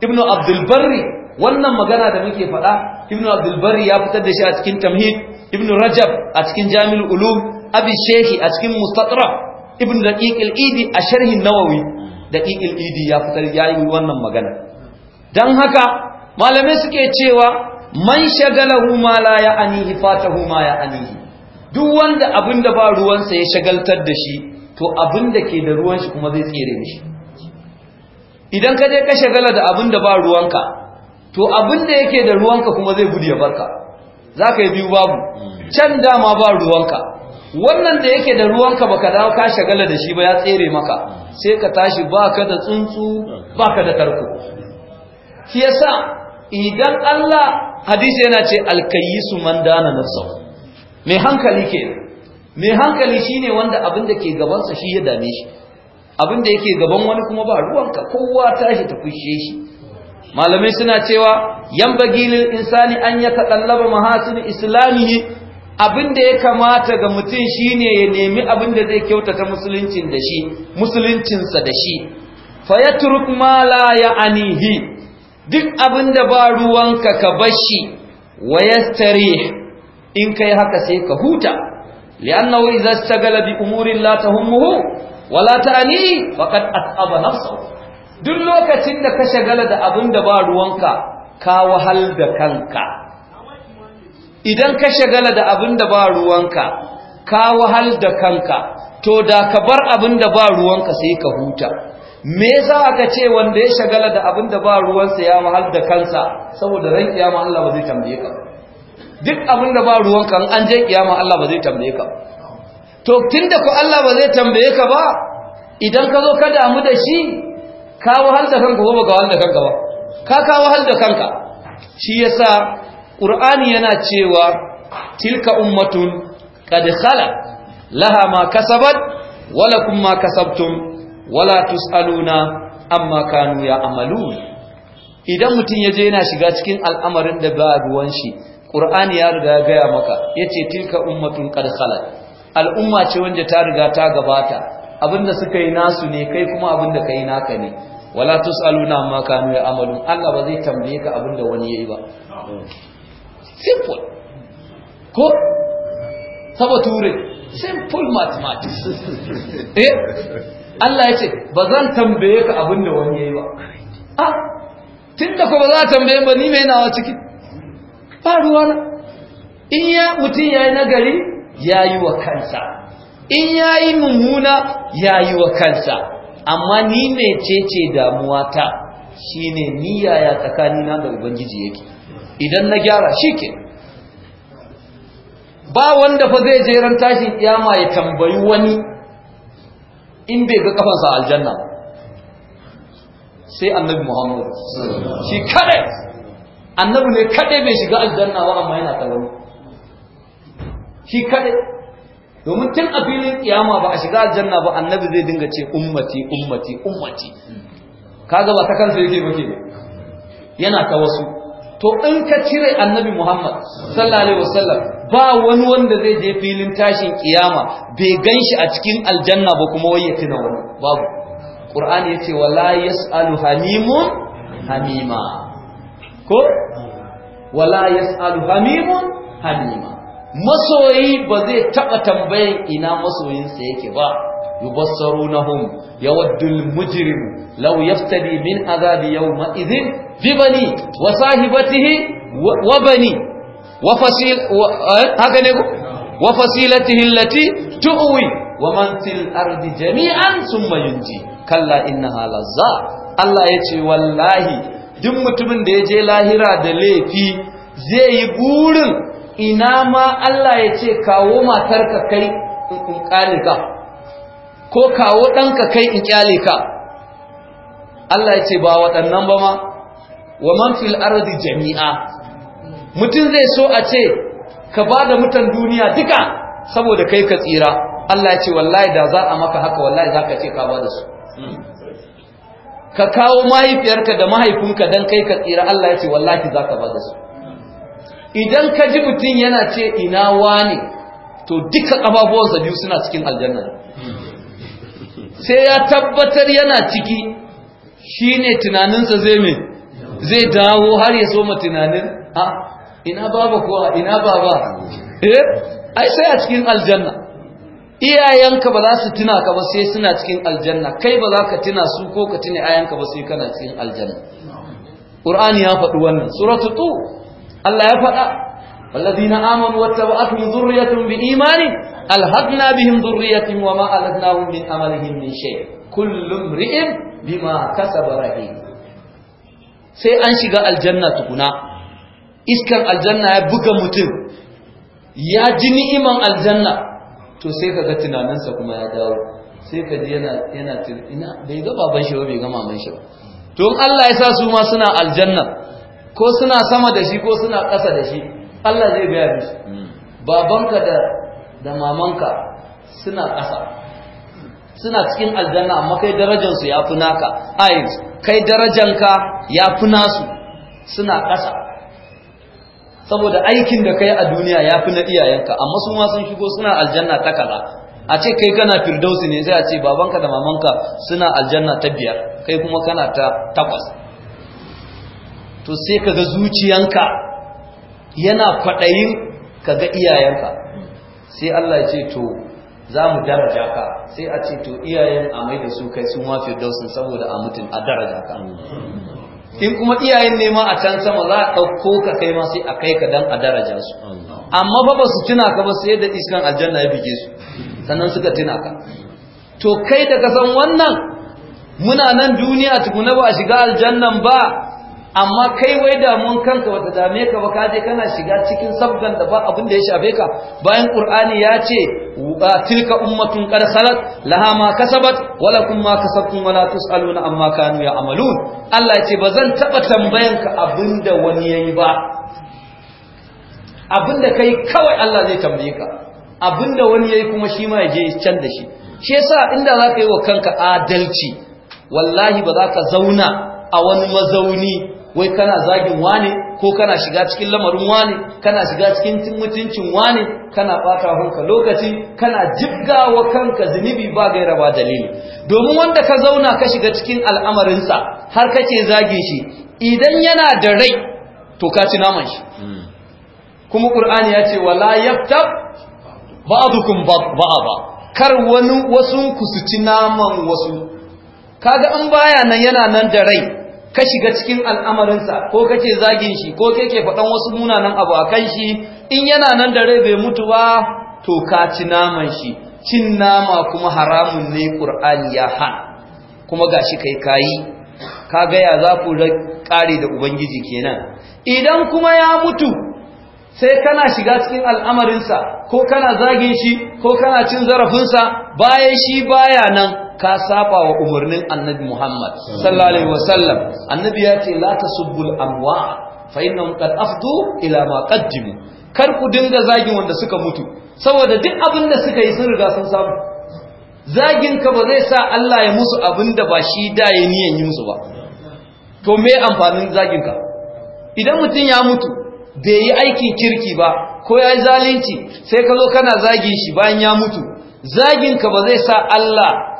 ibnu abdul barri wannan magana da muke faɗa ibnu abdul barri ya fitar da shi a cikin tamhid ibnu rajab a cikin jami'ul ulum abi shehi a cikin mustatra ibnu daqiq al-idi a sharhin nawawi da ƙiƙil ya fitar ya yi wannan magana don haka malamai suke cewa man shagala ma la ya anihi fata ma ya anihi duk wanda abin da ba ruwansa ya shagaltar da shi to abin da ke da ruwan shi kuma zai tsere mishi idan ka je ka shagala da abin da ba ruwanka to abin da yake da ruwanka kuma zai gudu ya barka za ka yi biyu babu can dama ba ruwanka wannan da yake da ruwanka baka dawo ka shagala da shi ba ya tsere maka sai ka tashi baka da tsuntsu baka da tarko shi yasa idan Allah hadisi yana ce alkayisu man dana nafsa mai hankali ke mai hankali shine wanda abin da ke gabansa shi ya dame shi abin da yake gaban wani kuma ba ruwanka kowa tashi ta kushe shi malamai suna cewa yan bagilil insani an ya taɗallaba mahasin islamihi abin da ya kamata ga mutum shine ya nemi abin da zai kyautata musuluncin da shi musuluncinsa da shi fayaturuk mala ma la duk abin da ba ruwanka ka bashi wa yastarih in kai haka sai ka huta li'annahu idza ta bi umurin la tahummuhu wa la ta'ani? faqad at'aba nafsahu duk lokacin da ka shagala da abin da ba ruwanka ka wahal da kanka idan ka shagala da abin da ba ruwanka ka wahal da kanka to da ka bar abin da ba ruwanka sai ka huta me yasa aka ce wanda ya shagala da abin da ba ruwansa ya wahal da kansa saboda ran kiyama Allah ba zai tambaye ka duk abin da ba ruwanka an je kiyama Allah ba zai tambaye ka to tunda ko Allah ba zai tambaye ka ba idan ka zo ka damu da shi ka wahal da kanka ko ka wahal da kanka ba ka ka wahal da kanka shi yasa ƙur'ani yana cewa tilka ummatun kad khala laha ma kasabat wa lakum ma kasabtum wala tusaluna amma kanu ya amalu. idan mutun yaje yana shiga cikin al'amarin da ba ruwan shi ƙur'ani ya riga ya gaya maka yace tilka ummatun qad al'umma ce wanda ta riga ta gabata abinda suka yi nasu ne kai kuma abinda kai naka ne wala tusaluna amma kanu ya amalu. Allah ba zai tambaye ka abinda wani yayi ba simple ko Saba Ture, simple mathematics eh Allah ya ce ba zan tambaye ka abin da wani ya yi ba ah tun da ba za a tambaye ba ni mai nawa ciki ba na in ya mutum ya yi nagari ya yi wa kansa in ya yi mummuna ya yi wa kansa amma ni mai cece damuwa ta shine ni yaya tsakanina da ubangiji yake idan na gyara shi ke ba wanda fa zai je ran tashin kiyama ya tambayi wani in bai ga kafansa aljanna sai annabi Muhammad shi kada annabi ne kada bai shiga aljanna ba amma yana kallon shi kada domin tun a filin kiyama ba a shiga aljanna ba annabi zai dinga ce ummati ummati ummati kaga ba ta kansa yake bake yana ta wasu to in ka cire annabi Muhammad sallallahu alaihi wasallam ba wani wanda zai je filin tashin kiyama bai ganshi a cikin aljanna ba kuma wai ya tuna wani babu Qur'ani yace wala yasalu hamimun hamima ko wala yasalu hamimun hamima masoyi ba zai taba tambayan ina masoyinsa yake ba yubassarunahum yawaddul mujrim law yaftadi min azabi yawma idhin bibani wa sahibatihi wa bani wa fasil haka ne ko wa fasilatihi allati tu'wi wa man fil ardi jami'an kalla Allah yace wallahi duk mutumin da yaje lahira da laifi zai yi burin ina ma Allah yace kawo matarka kai in kun ka ko kawo ɗanka kai in kyale ka Allah ya ce ba waɗannan ba ma wa man fil ardi jami'a mutum zai so a ce ka ba da mutan duniya duka saboda kai ka tsira Allah ya ce wallahi da za a maka haka wallahi za ka ce ka ba da su ka kawo mahaifiyarka da mahaifinka don kai ka tsira Allah ya ce wallahi za ka ba da su idan ka ji mutum yana ce ina wani to duka ƙafafuwansa biyu suna cikin aljanna sai ya tabbatar yana ciki shine tunaninsa zai me zai dawo har ya soma tunanin a ina baba kuwa ina baba eh ai sai a cikin aljanna iyayenka ba za su tuna ka ba sai suna cikin aljanna kai ba za ka tuna su ko ka tuna iyayenka ba sai kana cikin aljanna qur'ani ya faɗi wannan suratu tu Allah ya faɗa والذين آمنوا واتبعتهم ذريتهم بإيمان ألهدنا بهم ذريتهم وما ألهدناهم من أملهم من شيء كل امرئ بما كسب رهين sai an shiga aljanna tukuna iskar aljanna ya buga mutum ya ji ni'iman aljanna to sai ka ga tunaninsa kuma ya dawo sai ka ji yana yana ina bai ga baban shi ba bai ga maman shi ba to in Allah ya sa su ma suna aljanna ko suna sama da shi ko suna ƙasa da shi Allah zai gaya musu hmm. babanka da da mamanka suna ƙasa suna cikin aljanna amma kai darajar su yafi naka ai kai darajanka yafi nasu suna ƙasa saboda aikin da kai a duniya yafi na iyayenka amma su ma sun shigo suna aljanna ta kaza a ce kai kana firdausi ne sai a ce babanka da mamanka suna aljanna ta biyar kai kuma kana ta takwas to sai kaga zuciyanka yana kwaɗayin ka ga iyayenka sai Allah ya ce to za mu daraja ka sai a ce to iyayen a mai da su kai sun wafe dausun saboda a mutum a daraja ka in kuma iyayen ne ma a can sama za a ɗauko ka kai ma sai a kai ka dan a daraja su amma ba ba su tuna ka ba sai da iskan aljanna ya bige su sannan suka tuna ka to kai da san wannan muna nan duniya tukuna ba a shiga aljannan ba amma kai wai damun kanka wata dame ka ba ka je kana shiga cikin sabgan da ba abin da ya shafe ka bayan qur'ani ya ce tilka ummatun qad khalat laha ma kasabat wa lakum ma kasabtum wa la tusaluna amma kanu ya'malun Allah ya ce bazan taba tambayan ka abinda wani yayi ba abinda kai kawai Allah zai tambaye ka abinda wani yayi kuma shi ma ya je can da shi shi yasa inda zaka yi wa kanka adalci wallahi ba za ka zauna a wani mazauni wai kana zagin wane ko kana shiga cikin lamarin wane kana shiga cikin mutuncin wane kana bata hunka lokaci kana jibgawa kanka zunubi ba gaira ba dalili domin wanda ka zauna ka shiga cikin al'amarinsa har kake zage shi idan yana da rai to ka ci naman shi kuma qur'ani ya ce wala yaftab ba'dukum ba'dha kar wani wasu ku su ci naman wasu kaga an baya nan yana nan da rai ka shiga cikin al'amarinsa ko kake zagin shi ko kake faɗan wasu munanan abu a kan shi in yana nan da rai bai mutu ba to ka ci naman shi cin nama kuma haramun ne ƙur'ani ya hana kuma gashi kai kayi ka gaya za ku ƙare da ubangiji kenan idan kuma ya mutu sai kana shiga cikin al'amarinsa ko kana zagin shi ko kana cin zarafinsa bayan shi baya nan ka saba wa umarnin annabi Muhammad sallallahu alaihi wasallam annabi ya ce la tasubbul amwa fa innahum qad afdu ila ma qaddimu kar ku dinga zagin wanda suka mutu saboda duk abin da suka yi sun riga sun samu zagin ka ba zai sa Allah ya musu abin da ba shi da ya niyan yi musu ba to me amfanin zagin ka idan mutum ya mutu bai yi aikin kirki ba ko ya yi zalunci sai ka zo kana zagin shi bayan ya mutu zagin ka ba zai sa Allah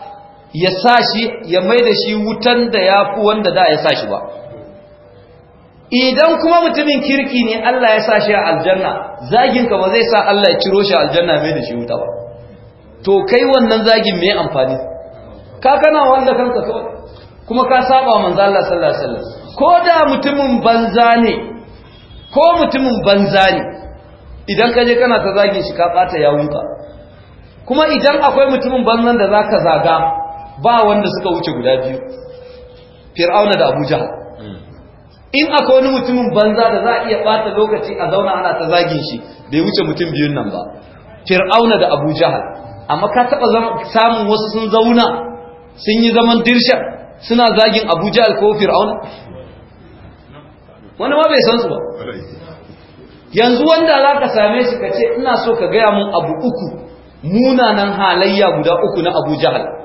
ya sa shi ya mai da shi wutan da ya fi wanda da ya sa shi ba idan kuma mutumin kirki ne Allah ya sa shi a aljanna zaginka ba zai sa Allah ya ciro shi a aljanna mai da shi wuta ba to kai wannan zagin mai amfani ka kana wanda kanka kawai kuma ka saba manzo Allah sallallahu alaihi wasallam ko da mutumin banza ne ko mutumin banza ne idan ka je kana ta zagin shi ka bata yawunka kuma idan akwai mutumin banzan da zaka zaga ba wanda suka wuce guda biyu fir'auna da abuja in akwai wani mutumin banza da za a iya bata lokaci a zauna ana ta zagin shi bai wuce mutum biyun nan ba fir'auna da abuja amma ka taɓa samun wasu sun zauna sun yi zaman dirshan suna zagin abuja ko fir'auna wani ma bai san su ba yanzu wanda za ka same shi ka ce ina so ka gaya mun abu uku munanan halayya guda uku na abu jahal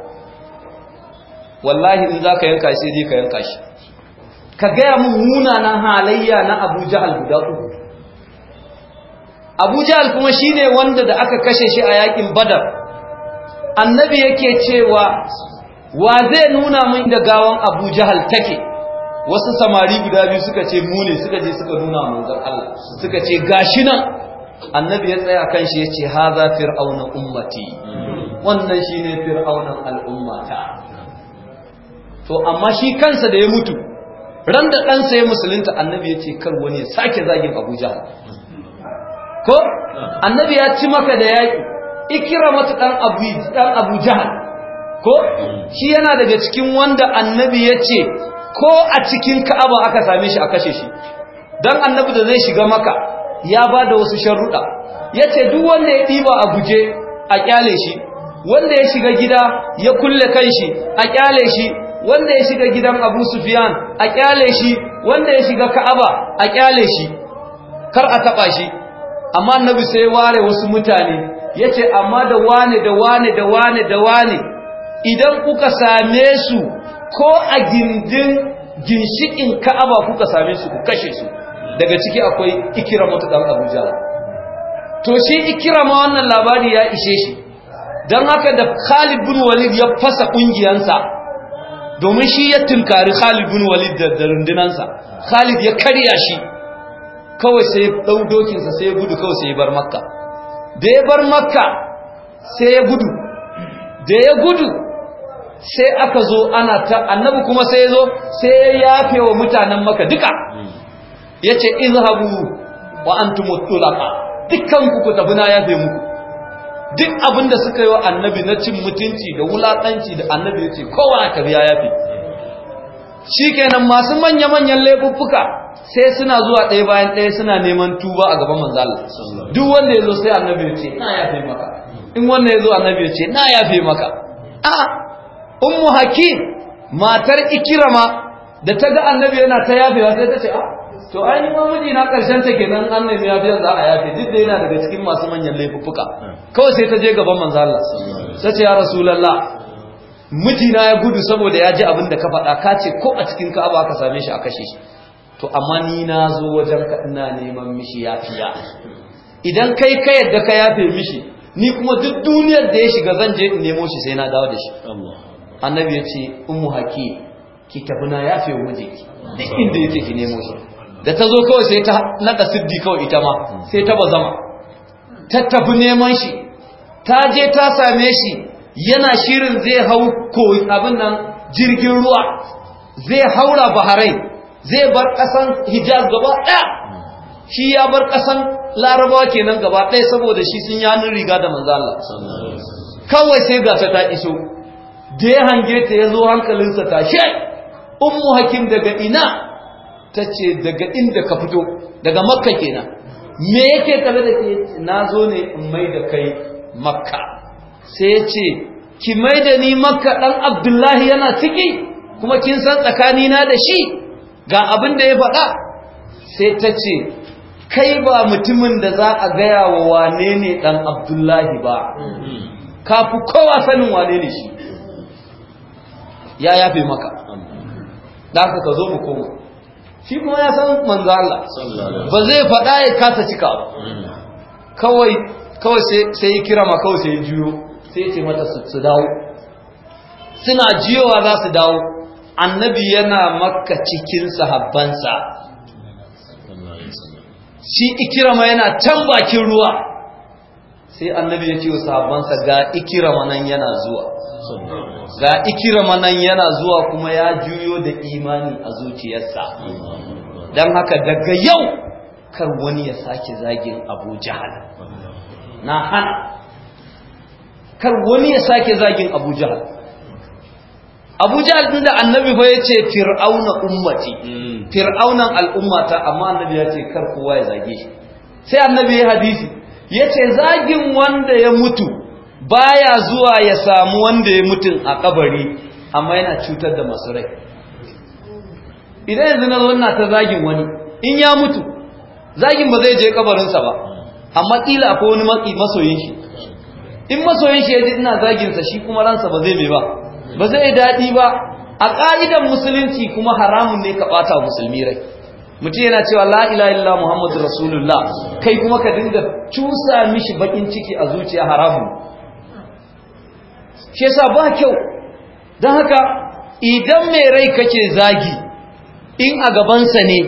wallahi in za ka yanka shi zai ka yanka shi ka gaya mun munanan halayya na abu jahal guda uku abu jahal kuma shi ne wanda da aka kashe shi a yakin badar annabi yake cewa wa zai nuna mun da gawan abu jahal take wasu samari guda biyu suka ce mune suka je suka nuna manzon Allah suka ce gashi nan annabi ya tsaya kan shi ya ce haza fir'auna ummati wannan shine fir'aunan al'ummata to amma shi kansa da ya mutu ran da ɗansa ya musulunta annabi ya ce kar wani ya sake zagin abuja ko annabi ya ci maka da yaƙi mata ɗan abuja ko shi yana daga cikin wanda annabi ya ce ko a cikin ka'aba aka same shi a kashe shi don annabi da zai shiga maka ya ba da wasu sharuɗa ya ce duk wanda ya ɗiba a guje a ƙyale shi wanda ya shiga gida ya kulle kan shi a ƙyale shi wanda ya shiga gidan Abu Sufyan a kyale shi wanda ya shiga Ka'aba a kyale shi kar a taba shi amma annabi sai ware wasu mutane yace amma da wane da wane da wane da wane idan kuka same su ko a gindin ginshikin Ka'aba kuka same su ku kashe su daga ciki akwai Ikramatu dan Abuja to shi ma wannan labari ya ishe shi dan haka da Khalid bin Walid ya fasa kungiyansa domin shi ya tunkari Khalid bin Walid da rundunansa Khalid ya karya shi kawai sai ya dau dokinsa sai ya gudu kawai sai ya bar Makka da ya bar Makka sai ya gudu da ya gudu sai aka zo ana ta annabi kuma sai ya zo sai ya yafe wa mutanen Makka duka yace izhabu wa antum tulaka dukkan ku ku tafi na yafe muku duk abin da suka yi wa annabi na cin mutunci da wulatanci da annabi ya ce kowane ka biya yafi shikenan masu manya-manyan laifuffuka sai suna zuwa ɗaya bayan ɗaya suna neman tuba a gaban manzala duk wanda ya zo sai annabi ya ce na yafe maka in wanda ya zo annabi ya ce na yafe maka a ummu hakim matar ikirama da ta ga annabi yana ta yafewa sai ta ce a ah, to ai ni mamuji na karshen ta kenan annabi ya fi za a yafe duk da yana daga cikin masu manyan laifuffuka kawai sai ta je gaban manzo Allah sai ce ya rasulullah mijina ya gudu saboda ya ji abin da ka faɗa ka ce ko a cikin ba aka same shi a kashe shi to amma ni na zo wajen ka ina neman mishi yafiya idan kai ka yadda ka yafe mishi ni kuma duk duniyar da ya shiga zan je in nemo shi sai na dawo da shi annabi ya ce ummu hakim ki tafi na yafe mijinki duk inda yake ki nemo shi da ta zo kawai sai ta naka siddi kawai ita ma sai ta bazama ta tafi neman shi ta je ta same shi yana shirin zai hau ko abin nan jirgin ruwa zai haura baharai zai bar kasan hijaz gaba ɗaya shi ya bar kasan larabawa kenan gaba ɗaya saboda shi sun yanin riga da manzala kawai sai gasa ta iso da ya hange ta ya zo hankalinsa tashe ummu hakim daga ina ta ce daga inda ka fito daga makka kenan me yake tare da ke na zo ne in mai da kai makka sai ya ce ki mai da ni makka ɗan abdullahi yana ciki kuma kin san tsakanina da shi ga abin da ya faɗa sai ta ce kai ba mutumin da za a gaya wa wane ne ɗan abdullahi ba kafi kowa sanin wane ne shi ya yafe maka ɗaka ka zo mu koma shi kuma ya san manzo Allah ba zai faɗa ya kasa cika ba kawai kawai sai ya kira ma kawai sai ya jiyo. sai ya ce mata su dawo suna jiyowa za su dawo annabi yana makka cikin sahabbansa shi ikirama yana can bakin ruwa sai annabi ya ce wa sahabbansa ga ikira nan yana zuwa ga ikira nan yana zuwa kuma ya juyo da imani a zuciyarsa don haka daga yau kar wani ya sake zagin abu jahal na hana kar wani ya sake zagin abu jahal abu jahal din da annabi fa ya ce fir'auna ummati mm. fir'aunan al'ummata amma annabi ya ce kar kowa ya zage shi sai annabi ya hadisi ya ce zagin wanda ya mutu baya zuwa ya samu wanda ya mutu a kabari amma yana cutar da masu rai idan yanzu na zonna ta zagin wani in ya mutu zagin ba zai je kabarinsa ba amma kila akwai wani matsi masoyin shi in masoyin shi ya ji ina zaginsa shi kuma ransa ba zai mai ba ba zai daɗi ba a ƙa'idan musulunci kuma haramun ne ka ɓata musulmi rai mutum yana cewa la ilaha muhammadu rasulullah kai kuma ka dinga cusa mishi bakin ciki a zuciya haramun shi sa ba kyau don haka idan mai rai kake zagi in a gabansa ne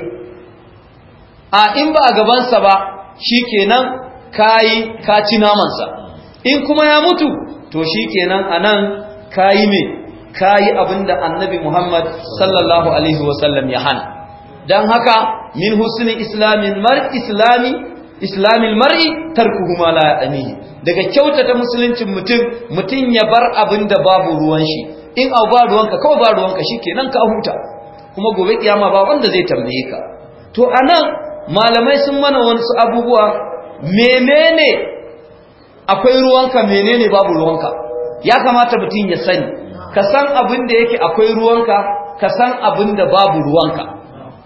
a in ba a gabansa ba shi kenan kayi ka ci namansa in kuma ya mutu to shi shikenan anan kayi me kayi abinda annabi Muhammad sallallahu alaihi wasallam ya hana dan haka min husni islamin mar islami islamil mar'i tarkuhu ma la ya'nihi daga kyautata musuluncin mutum mutum ya bar abin da babu ruwan shi in au ba ruwanka kawai ba ruwanka shikenan ka huta kuma gobe kiyama ba wanda zai tambaye ka to anan malamai sun mana wasu abubuwa menene akwai ruwanka menene babu ruwanka ya kamata mutum ya sani ka san abin da yake akwai ruwanka ka san abin da babu ruwanka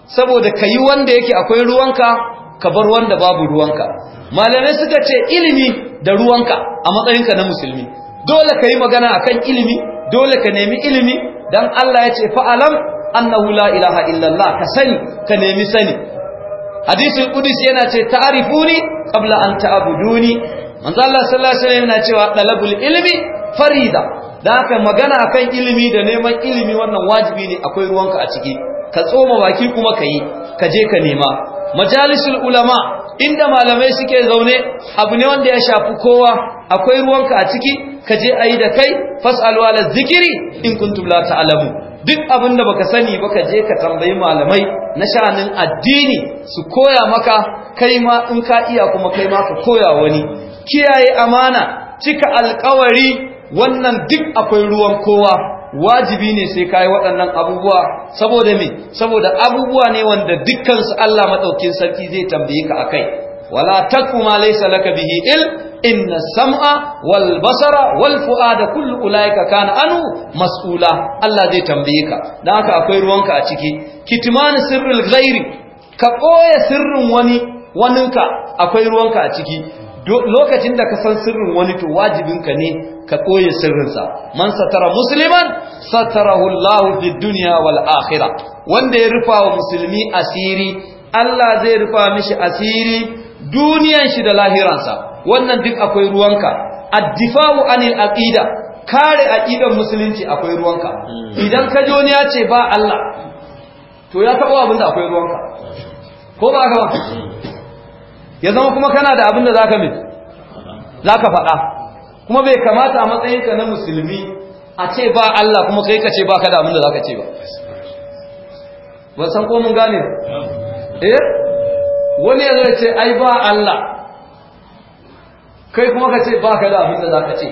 saboda ka yi wanda yake akwai ruwanka ka bar wanda babu ruwanka malamai suka ce ilimi da ruwanka a matsayinka na musulmi dole ka yi magana a kan ilimi dole ka nemi ilimi don Allah ya ce fa'alam annahu la ilaha illallah ka sani ka nemi sani hadisin kudus yana ce ta'rifuni qabla an ta'buduni manzo Allah sallallahu alaihi yana cewa ɗalabul ilimi farida da haka magana akan ilimi da neman ilimi wannan wajibi ne akwai ruwanka a ciki ka tsoma baki kuma ka yi ka je ka nema majalisul ulama inda malamai suke zaune abu ne wanda ya shafi kowa akwai ruwanka a ciki ka je ayi da kai fas ala zikiri in kuntum la ta'lamu duk abin da baka sani ba ka je ka tambayi malamai na sha'anin addini su koya maka kai ma in ka iya kuma kai ma ka koya wani kiyaye amana cika alƙawari wannan duk akwai ruwan kowa wajibi ne sai kai waɗannan abubuwa saboda me saboda abubuwa ne wanda dukkan su Allah madaukin sarki zai tambaye ka akai wala takuma ma laysa laka bihi il inna sam'a wal basara wal fuada kullu ulaika kana anu mas'ula Allah zai tambaye ka dan haka akwai ruwanka a ciki kitman sirrul ghairi ka koya sirrin wani waninka akwai ruwanka a ciki lokacin da ka san sirrin wani to wajibinka ne ka koye sirrinsa man satara musliman satarahu Allahu fid dunya wal akhirah wanda ya rufa wa musulmi asiri Allah zai rufa mishi asiri duniyan shi da lahiransa wannan duk akwai ruwanka addifa'u anil aqida kare aqidan musulunci akwai ruwanka hmm. idan ka joni ya ce ba Allah to ya taba abinda akwai ruwanka ko ba ka ya zama kuma kana da abin da zaka mai ka faɗa kuma bai kamata a matsayinka na musulmi a ce ba Allah kuma kai ka ce ba ka da abin da ka ce ba ba san ko mun gane eh wani yanzu ya ce ai ba Allah kai kuma ka ce ba ka da abin da ka ce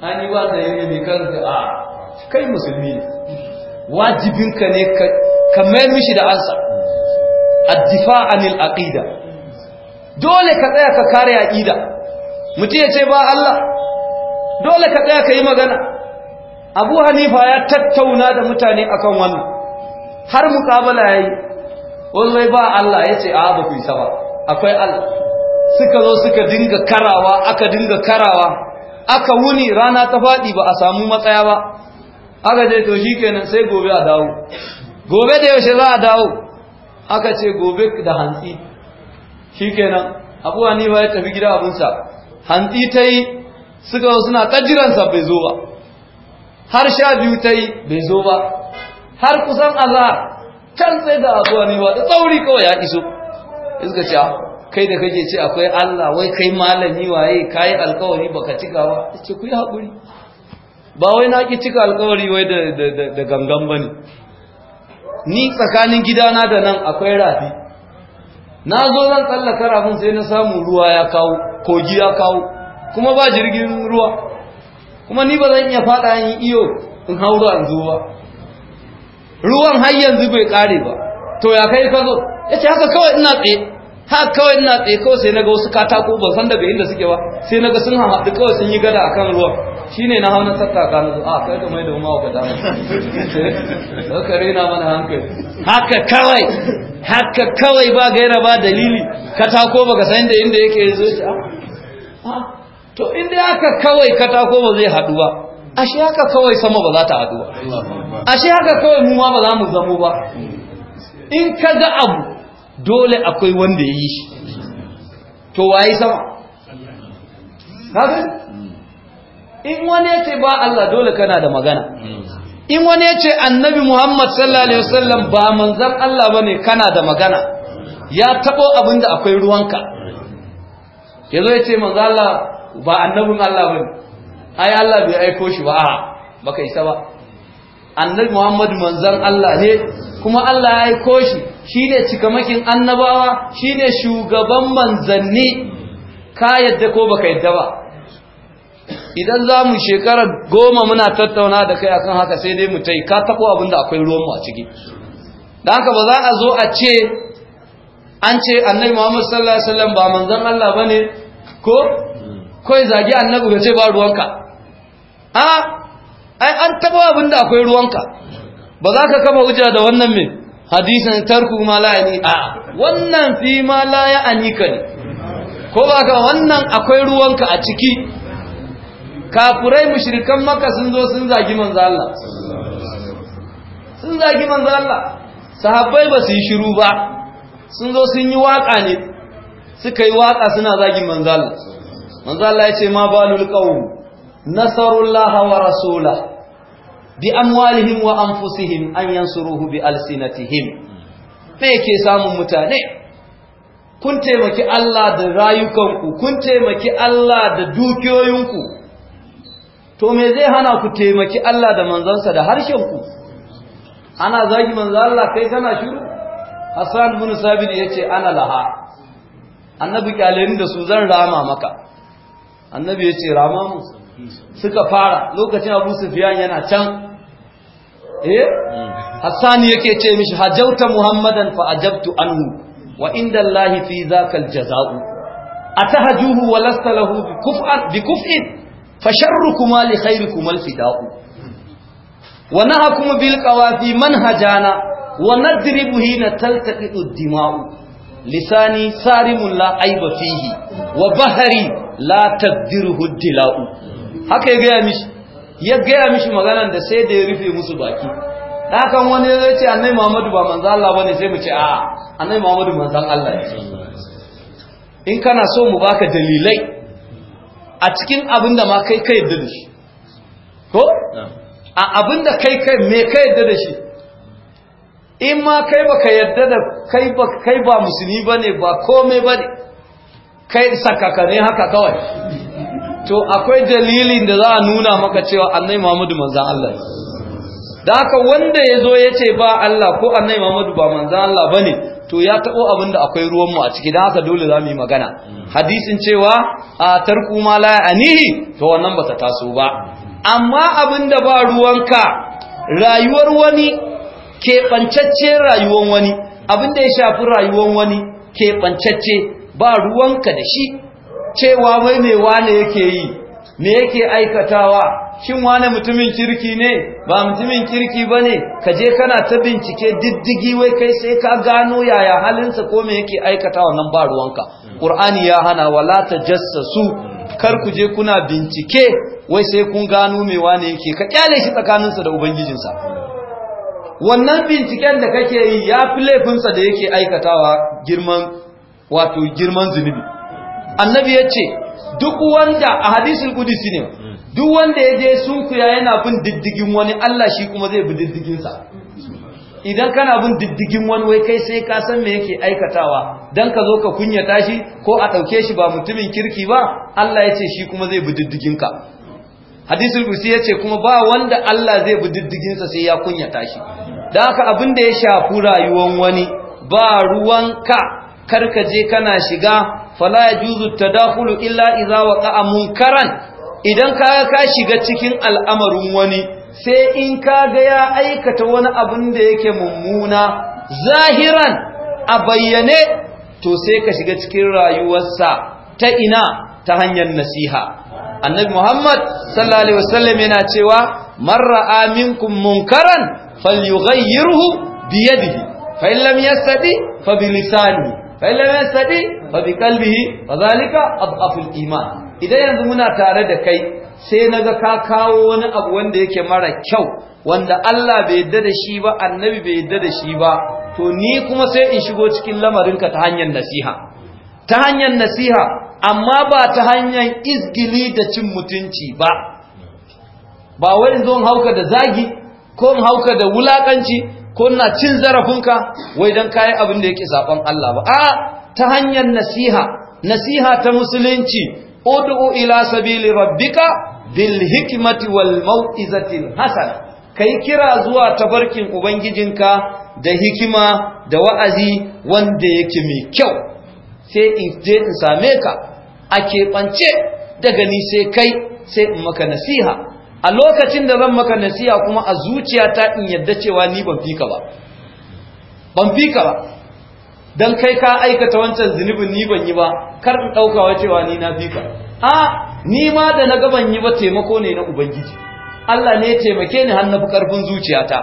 an yi ba da ne mai kanka a kai musulmi ne wajibinka ne ka mayar mishi da ansa addifa anil aqida dole ka tsaya ka kare aqida mutum ya ce ba Allah dole ka tsaya ka yi magana Abu Hanifa ya tattauna da mutane akan wannan har mukabala yayi wallahi ba Allah ya ce a ba ku yi akwai Allah suka zo suka dinga karawa aka dinga karawa aka wuni rana ta faɗi ba a samu matsaya ba aka je to shi kenan sai gobe a dawo gobe da yaushe za a dawo aka ce gobe da hantsi shi kenan abu ba ya tafi gida abinsa hantsi ta yi suka suna tajiransa bai zo ba har sha biyu ta yi bai zo ba har kusan azhar can sai da abu ba da tsauri kawai ya iso iska ce ah, kai da kake ce akwai Allah wai kai malami waye kai alkawari baka cika ba ce ku yi hakuri ba wai na ki cika alkawari wai da da gangan bane ni tsakanin gidana da nan akwai rafi na zo zan tsallaka rafin sai na samu ruwa ya kawo kogi ya kawo kuma ba jirgin ruwa kuma ni ba zan iya fada yin iyo in haura an zuwa ruwan har yanzu bai kare ba to ya kai ka zo ya ce haka kawai ina tsaye haka kawai ina tsaye kawai sai naga wasu katako ban san daga inda suke ba sai naga sun haɗu kawai sun yi gada akan ruwan shine na hau na ka na zo a ah, kai ka mai da umaru ka dama ka rena mana hankali haka kawai haka kawai ba gaira ba dalili katako ba baka san da inda yake zo ah, ah, to inda haka kawai katako ba zai haɗu ba ashe haka kawai sama ba za ta haɗu ba ashe haka kawai mu ma ba za mu zamo ba in ka ga abu dole akwai wanda ya yi shi to waye sama kafin in wani ya ce ba Allah dole kana da magana in wani ya ce annabi muhammad sallallahu alaihi wasallam ba manzan Allah ba ne kana da magana ya taɓo abinda akwai ruwanka ya zo ya ce manzan Allah ba annabin Allah ba ne ai Allah bai aiko shi ba a baka isa ba annabi muhammad manzan Allah ne kuma Allah ya aiko shi shi ne cikamakin annabawa shi ne shugaban manzanni ka yadda ko baka yadda ba idan za mu shekara goma muna tattauna da kai akan haka sai dai mu tai ka tako abinda akwai ruwanmu a ciki da haka ba za a zo a ce an ce annabi muhammad sallallahu alaihi wasallam ba manzon Allah ne? ko kai zagi annabi ka ce ba ruwanka a ai an taba abinda akwai ruwanka ba za ka kama hujja da wannan me hadisan tarku ma la yani a wannan fi ma la yani ka ne ko ba ka wannan akwai ruwanka a ciki kafurai mushrikan maka sun zo sun zagi manzo Allah sun zagi manzo Allah sahabbai ba su yi shiru ba sun zo sun yi waka ne suka yi waka suna zagi manzo Allah manzo Allah ya ce ma balul qawm nasarullah wa rasula bi amwalihim wa anfusihim an yansuruhu bi alsinatihim me ke samun mutane kun taimaki Allah da rayukanku kun taimaki Allah da dukiyoyinku to me zai hana ku taimaki Allah da manzansa da harshen ku ana zagi manzo Allah kai kana shiru Hassan bin Sabit yace ana laha annabi kyalerin da su zan rama maka annabi yace rama mu suka fara lokacin Abu Sufyan yana can eh Hassan yake ce mishi hajauta Muhammadan fa ajabtu anhu wa inda Allah fi zakal jaza'u atahajuhu walasta lahu bi kuf'in fa sharrukuma الفداء ونهكم alfida'u wa nahakum bil qawafi manhajana wa nadribu hina taltaqitu dima'u lisani sarimun la aiba fihi wa la haka ya gaya mishi ya gaya mishi maganan da sai da ya rufe musu baki dakan wani zai ce annai muhammadu ba manzan Allah ne sai mu ce a annai muhammadu manzan Allah ne in kana so mu baka dalilai a cikin abin da ma kai ka yadda da shi ko a abin da kai kai me ka yadda da shi in ma kai ba ka yadda da kai ba kai ba musulmi bane ba komai ne? kai sakaka ne haka kawai to akwai dalilin da za a nuna maka cewa annai Muhammadu manzan Allah da haka wanda ya zo ya ce ba Allah ko annai Muhammadu ba manzan Allah ba ne to ya taɓo abinda akwai ruwan mu a ciki dan haka dole zamu yi magana hadisin cewa a tarku ma la anihi to wannan ba ta taso ba amma abinda ba ruwanka rayuwar wani keɓancacce rayuwar wani Abinda ya shafi rayuwar wani keɓancacce ba ruwanka da shi cewa mai mewa ne yake yi me yake aikatawa shin wane mutumin kirki ne ba mutumin kirki ba ne ka je kana ta bincike diddigi wai kai sai ka gano yaya halinsa ko me yake aikata wannan ba ruwanka ƙur'ani ya hana wala ta kar ku je kuna bincike wai sai kun gano me wane yake ka kyale shi tsakaninsa da ubangijinsa wannan binciken da kake yi ya fi laifinsa da yake aikatawa girman wato girman zunubi annabi ya ce duk wanda a hadisin kudisi ne duk wanda ya je sunkuya yana bin diddigin wani Allah shi kuma zai bi diddiginsa idan kana bin diddigin wani wai kai sai ka san me yake aikatawa dan ka zo ka kunyata shi ko a dauke shi ba mutumin kirki ba Allah ya ce shi kuma zai bi diddiginka hadisul kursi ya ce kuma ba wanda Allah zai bi diddiginsa sai ya kunyata shi dan haka abin da ya shafi rayuwar wani ba ruwan ruwanka karka je kana shiga fala yajuzu tadakhulu illa idza waqa'a munkaran idan ka ka shiga cikin al'amarin wani sai in ka ga ya aikata wani abin da yake mummuna zahiran a bayyane to sai ka shiga cikin rayuwarsa ta ina ta hanyar nasiha annabi muhammad sallallahu alaihi wasallam yana cewa man ra'a minkum munkaran falyughayyirhu bi yadihi fa in lam yastati fa bi lisanihi fa in lam yastati fa bi qalbihi fa dhalika adhafu al-iman idan yanzu muna tare da kai sai na ga ka kawo wani abu wanda yake mara kyau wanda Allah bai yadda da shi ba annabi bai yadda da shi ba to ni kuma sai in shigo cikin lamarinka ta hanyar nasiha ta hanyar nasiha amma ba ta hanyar izgili da cin mutunci ba ba wai in zo in hauka da zagi ko in hauka da wulakanci ko ina cin zarafinka wai dan kayi abin da yake saɓon Allah ba a ta hanyar nasiha nasiha ta musulunci ud'u ila sabili rabbika bil hikmati wal mau'izatil hasana kai kira zuwa tabarkin ubangijinka da hikima da wa'azi wanda yake mai kyau sai in je in same ka a keɓance daga ni sai kai sai in maka nasiha a lokacin da zan maka nasiha kuma a zuciyata in yadda cewa ni ban fika ba ban ba dan kai ka aikata wancan zunubin ni ban yi ba kar in daukawa cewa ni na fika a ni ma da na ga ban yi ba taimako ne na ubangiji Allah ne ya taimake ni har na fi karfin zuciyata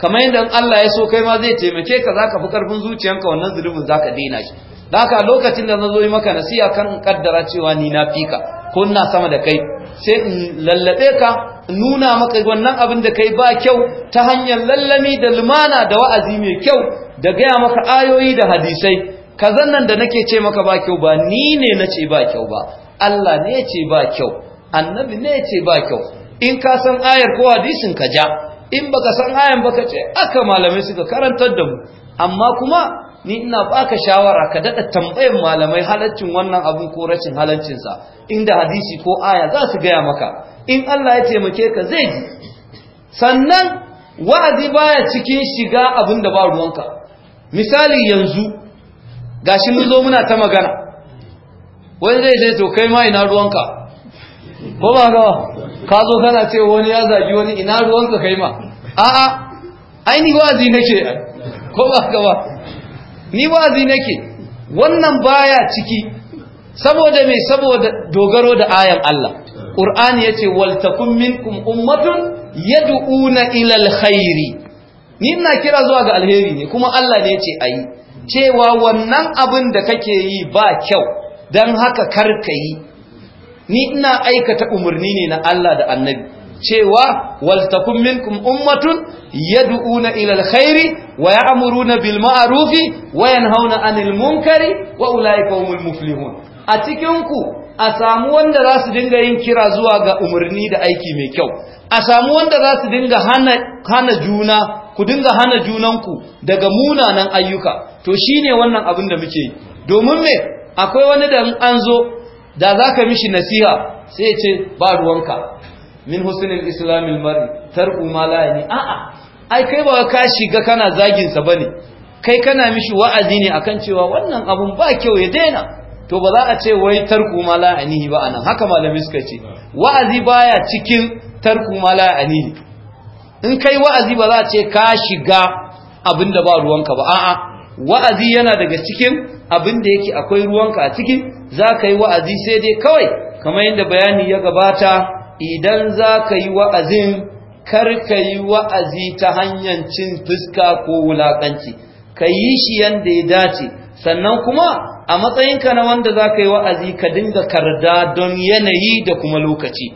kamar yadda Allah ya so kai ma zai taimake ka zaka fi karfin zuciyanka wannan zunubin zaka daina shi haka lokacin da na zo yi maka nasiya kan in kaddara cewa ni na fika ko ina sama da kai sai in lallabe ka nuna maka wannan abin da kai ba kyau ta hanyar lallami da lumana da wa'azi mai kyau da gaya maka ayoyi da hadisai kazan nan da nake ce maka ba kyau ba ni ne na ce ba kyau ba Allah ne ce ba kyau annabi ne ce ba kyau in ka san ayar ko hadisin ka ja in baka san ayan baka ce aka malamai suka karantar da mu amma kuma ni ina baka shawara ka dada tambayan malamai halaccin wannan abun ko rashin halaccin sa inda hadisi ko aya za su gaya maka in Allah ya taimake ka zai ji sannan wa'azi baya cikin shiga abin da ba ruwanka misali yanzu ga shi mun zo muna ta magana wani zai ce to kai ma ina ruwanka ko ba ga ka zo kana ce wani ya zagi wani ina ruwanka kai ma a'a aini wazi nake ko ba ga ba ni wazi nake wannan baya ciki saboda me saboda dogaro da ayan Allah Qur'ani yace wal takum minkum ummatun yad'una ila alkhairi ni ina kira zuwa ga alheri ne kuma Allah ne ya ce ayi cewa wannan abin da kake yi ba kyau dan haka ka yi ni ina aikata umarni ne na Allah da annabi cewa waltakun minkum ummatun yad'una ila alkhairi wa ya'muruna bil ma'rufi wa yanhauna 'anil munkari wa ulaika humul muflihun a cikin ku a samu wanda za su dinga yin kira zuwa ga umarni da aiki mai kyau a samu wanda za su dinga hana juna ku dinga hana junanku daga munanan ayyuka to shine wannan abin da muke domin me akwai wani da an zo da zaka mishi nasiha sai ya ce ba ruwanka min husnul islamil mar'i tarku ma la yani a'a ai kai ba ka shiga kana zagin sa bane kai kana mishi wa'azi ne akan cewa wannan abun ba kyau ya daina to ba za a ce wai tarku ma la ba anan haka malami suka ce wa'azi baya cikin tarku ma la in kai wa'azi ba za a ce ka shiga abin da ba ruwanka ba a'a wa'azi yana daga cikin abin da yake akwai ruwanka a cikin za ka yi wa'azi sai dai kawai kamar yadda bayani ya gabata idan za ka yi wa'azin karka yi wa'azi ta hanyar cin fuska ko wulaƙanci ka yi shi yadda ya dace sannan kuma a matsayinka na wanda za ka yi wa'azi ka dinga karda don yanayi da kuma lokaci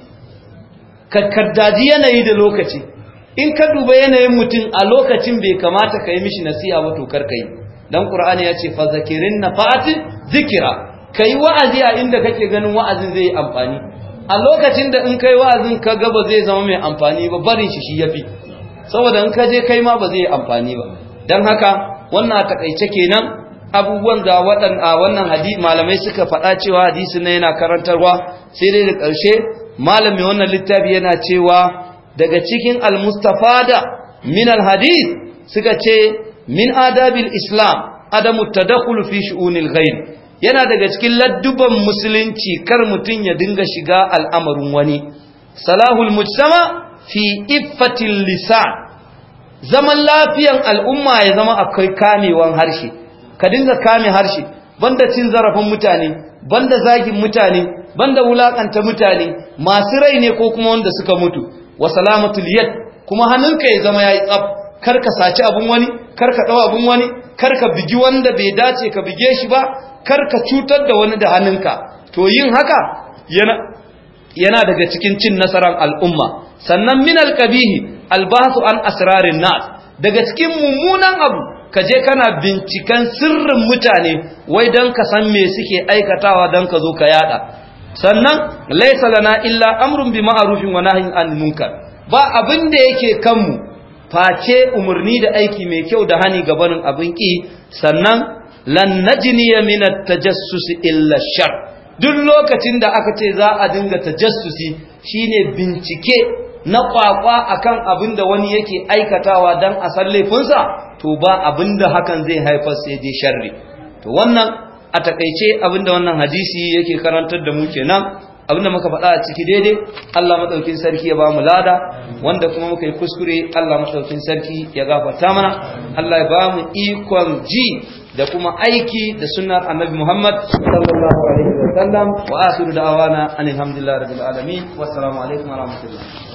ka kardaji yanayi da lokaci in ka duba yanayin mutum a lokacin bai kamata ka yi mishi nasiha ba to ka yi dan qur'ani ya ce fa zakirin nafa'ati zikira kai wa'azi a inda kake ganin wa'azin zai amfani a lokacin da in kai wa'azin ka ga ba zai zama mai amfani ba barin shi shi yafi saboda in ka je kai ma ba zai amfani ba dan haka wannan takaice kenan abubuwan da a wannan hadisi malamai suka faɗa cewa hadisi na yana karantarwa sai dai da ƙarshe malami wannan littafi yana cewa daga cikin al-mustafada min al-hadith suka ce min adabil islam adamu tadakhul fi shu'unil ghaib yana daga cikin ladduban musulunci kar mutun ya dinga shiga al'amarin wani salahul mujtama fi iffatil lisan zaman lafiyan al'umma ya zama akwai kamewan harshe ka dinga kame harshe banda cin zarafin mutane banda zagin mutane banda wulakanta mutane masu rai ne ko kuma wanda suka mutu wa salamatul yad kuma hannunka ya zama yayi tsaf kar ka saci abun wani kar ka abun wani kar ka bigi wanda bai dace ka bige shi ba kar ka cutar da wani da hannunka to yin haka yana yana daga cikin cin nasarar al'umma sannan min alqabihi albasu an asrarin nas daga cikin mummunan abu ka je kana binciken sirrin mutane wai dan ka san me suke aikatawa dan ka zo ka yada sannan laisa lana illa amrun bi ma'rufin wa nahyin anil munkar ba abin da yake kanmu face umarni da aiki mai kyau da hani gabanin abin ki sannan lan najniya min at-tajassus illa shar duk lokacin da aka ce za a dinga tajassusi shine bincike na kwakwa akan abin da wani yake aikatawa dan a san laifinsa to ba abin hakan zai haifar sai dai sharri to wannan a takaice abinda wannan hadisi yake karantar da mu kenan abinda muka faɗa a ciki daidai Allah madaukin sarki ya ba mu lada wanda kuma muka yi kuskure Allah madaukin sarki ya gafarta mana Allah ya ba mu ikon ji da kuma aiki da sunnar annabi Muhammad sallallahu alaihi wa sallam wa asiru da'awana alhamdulillahi rabbil alamin wassalamu alaikum wa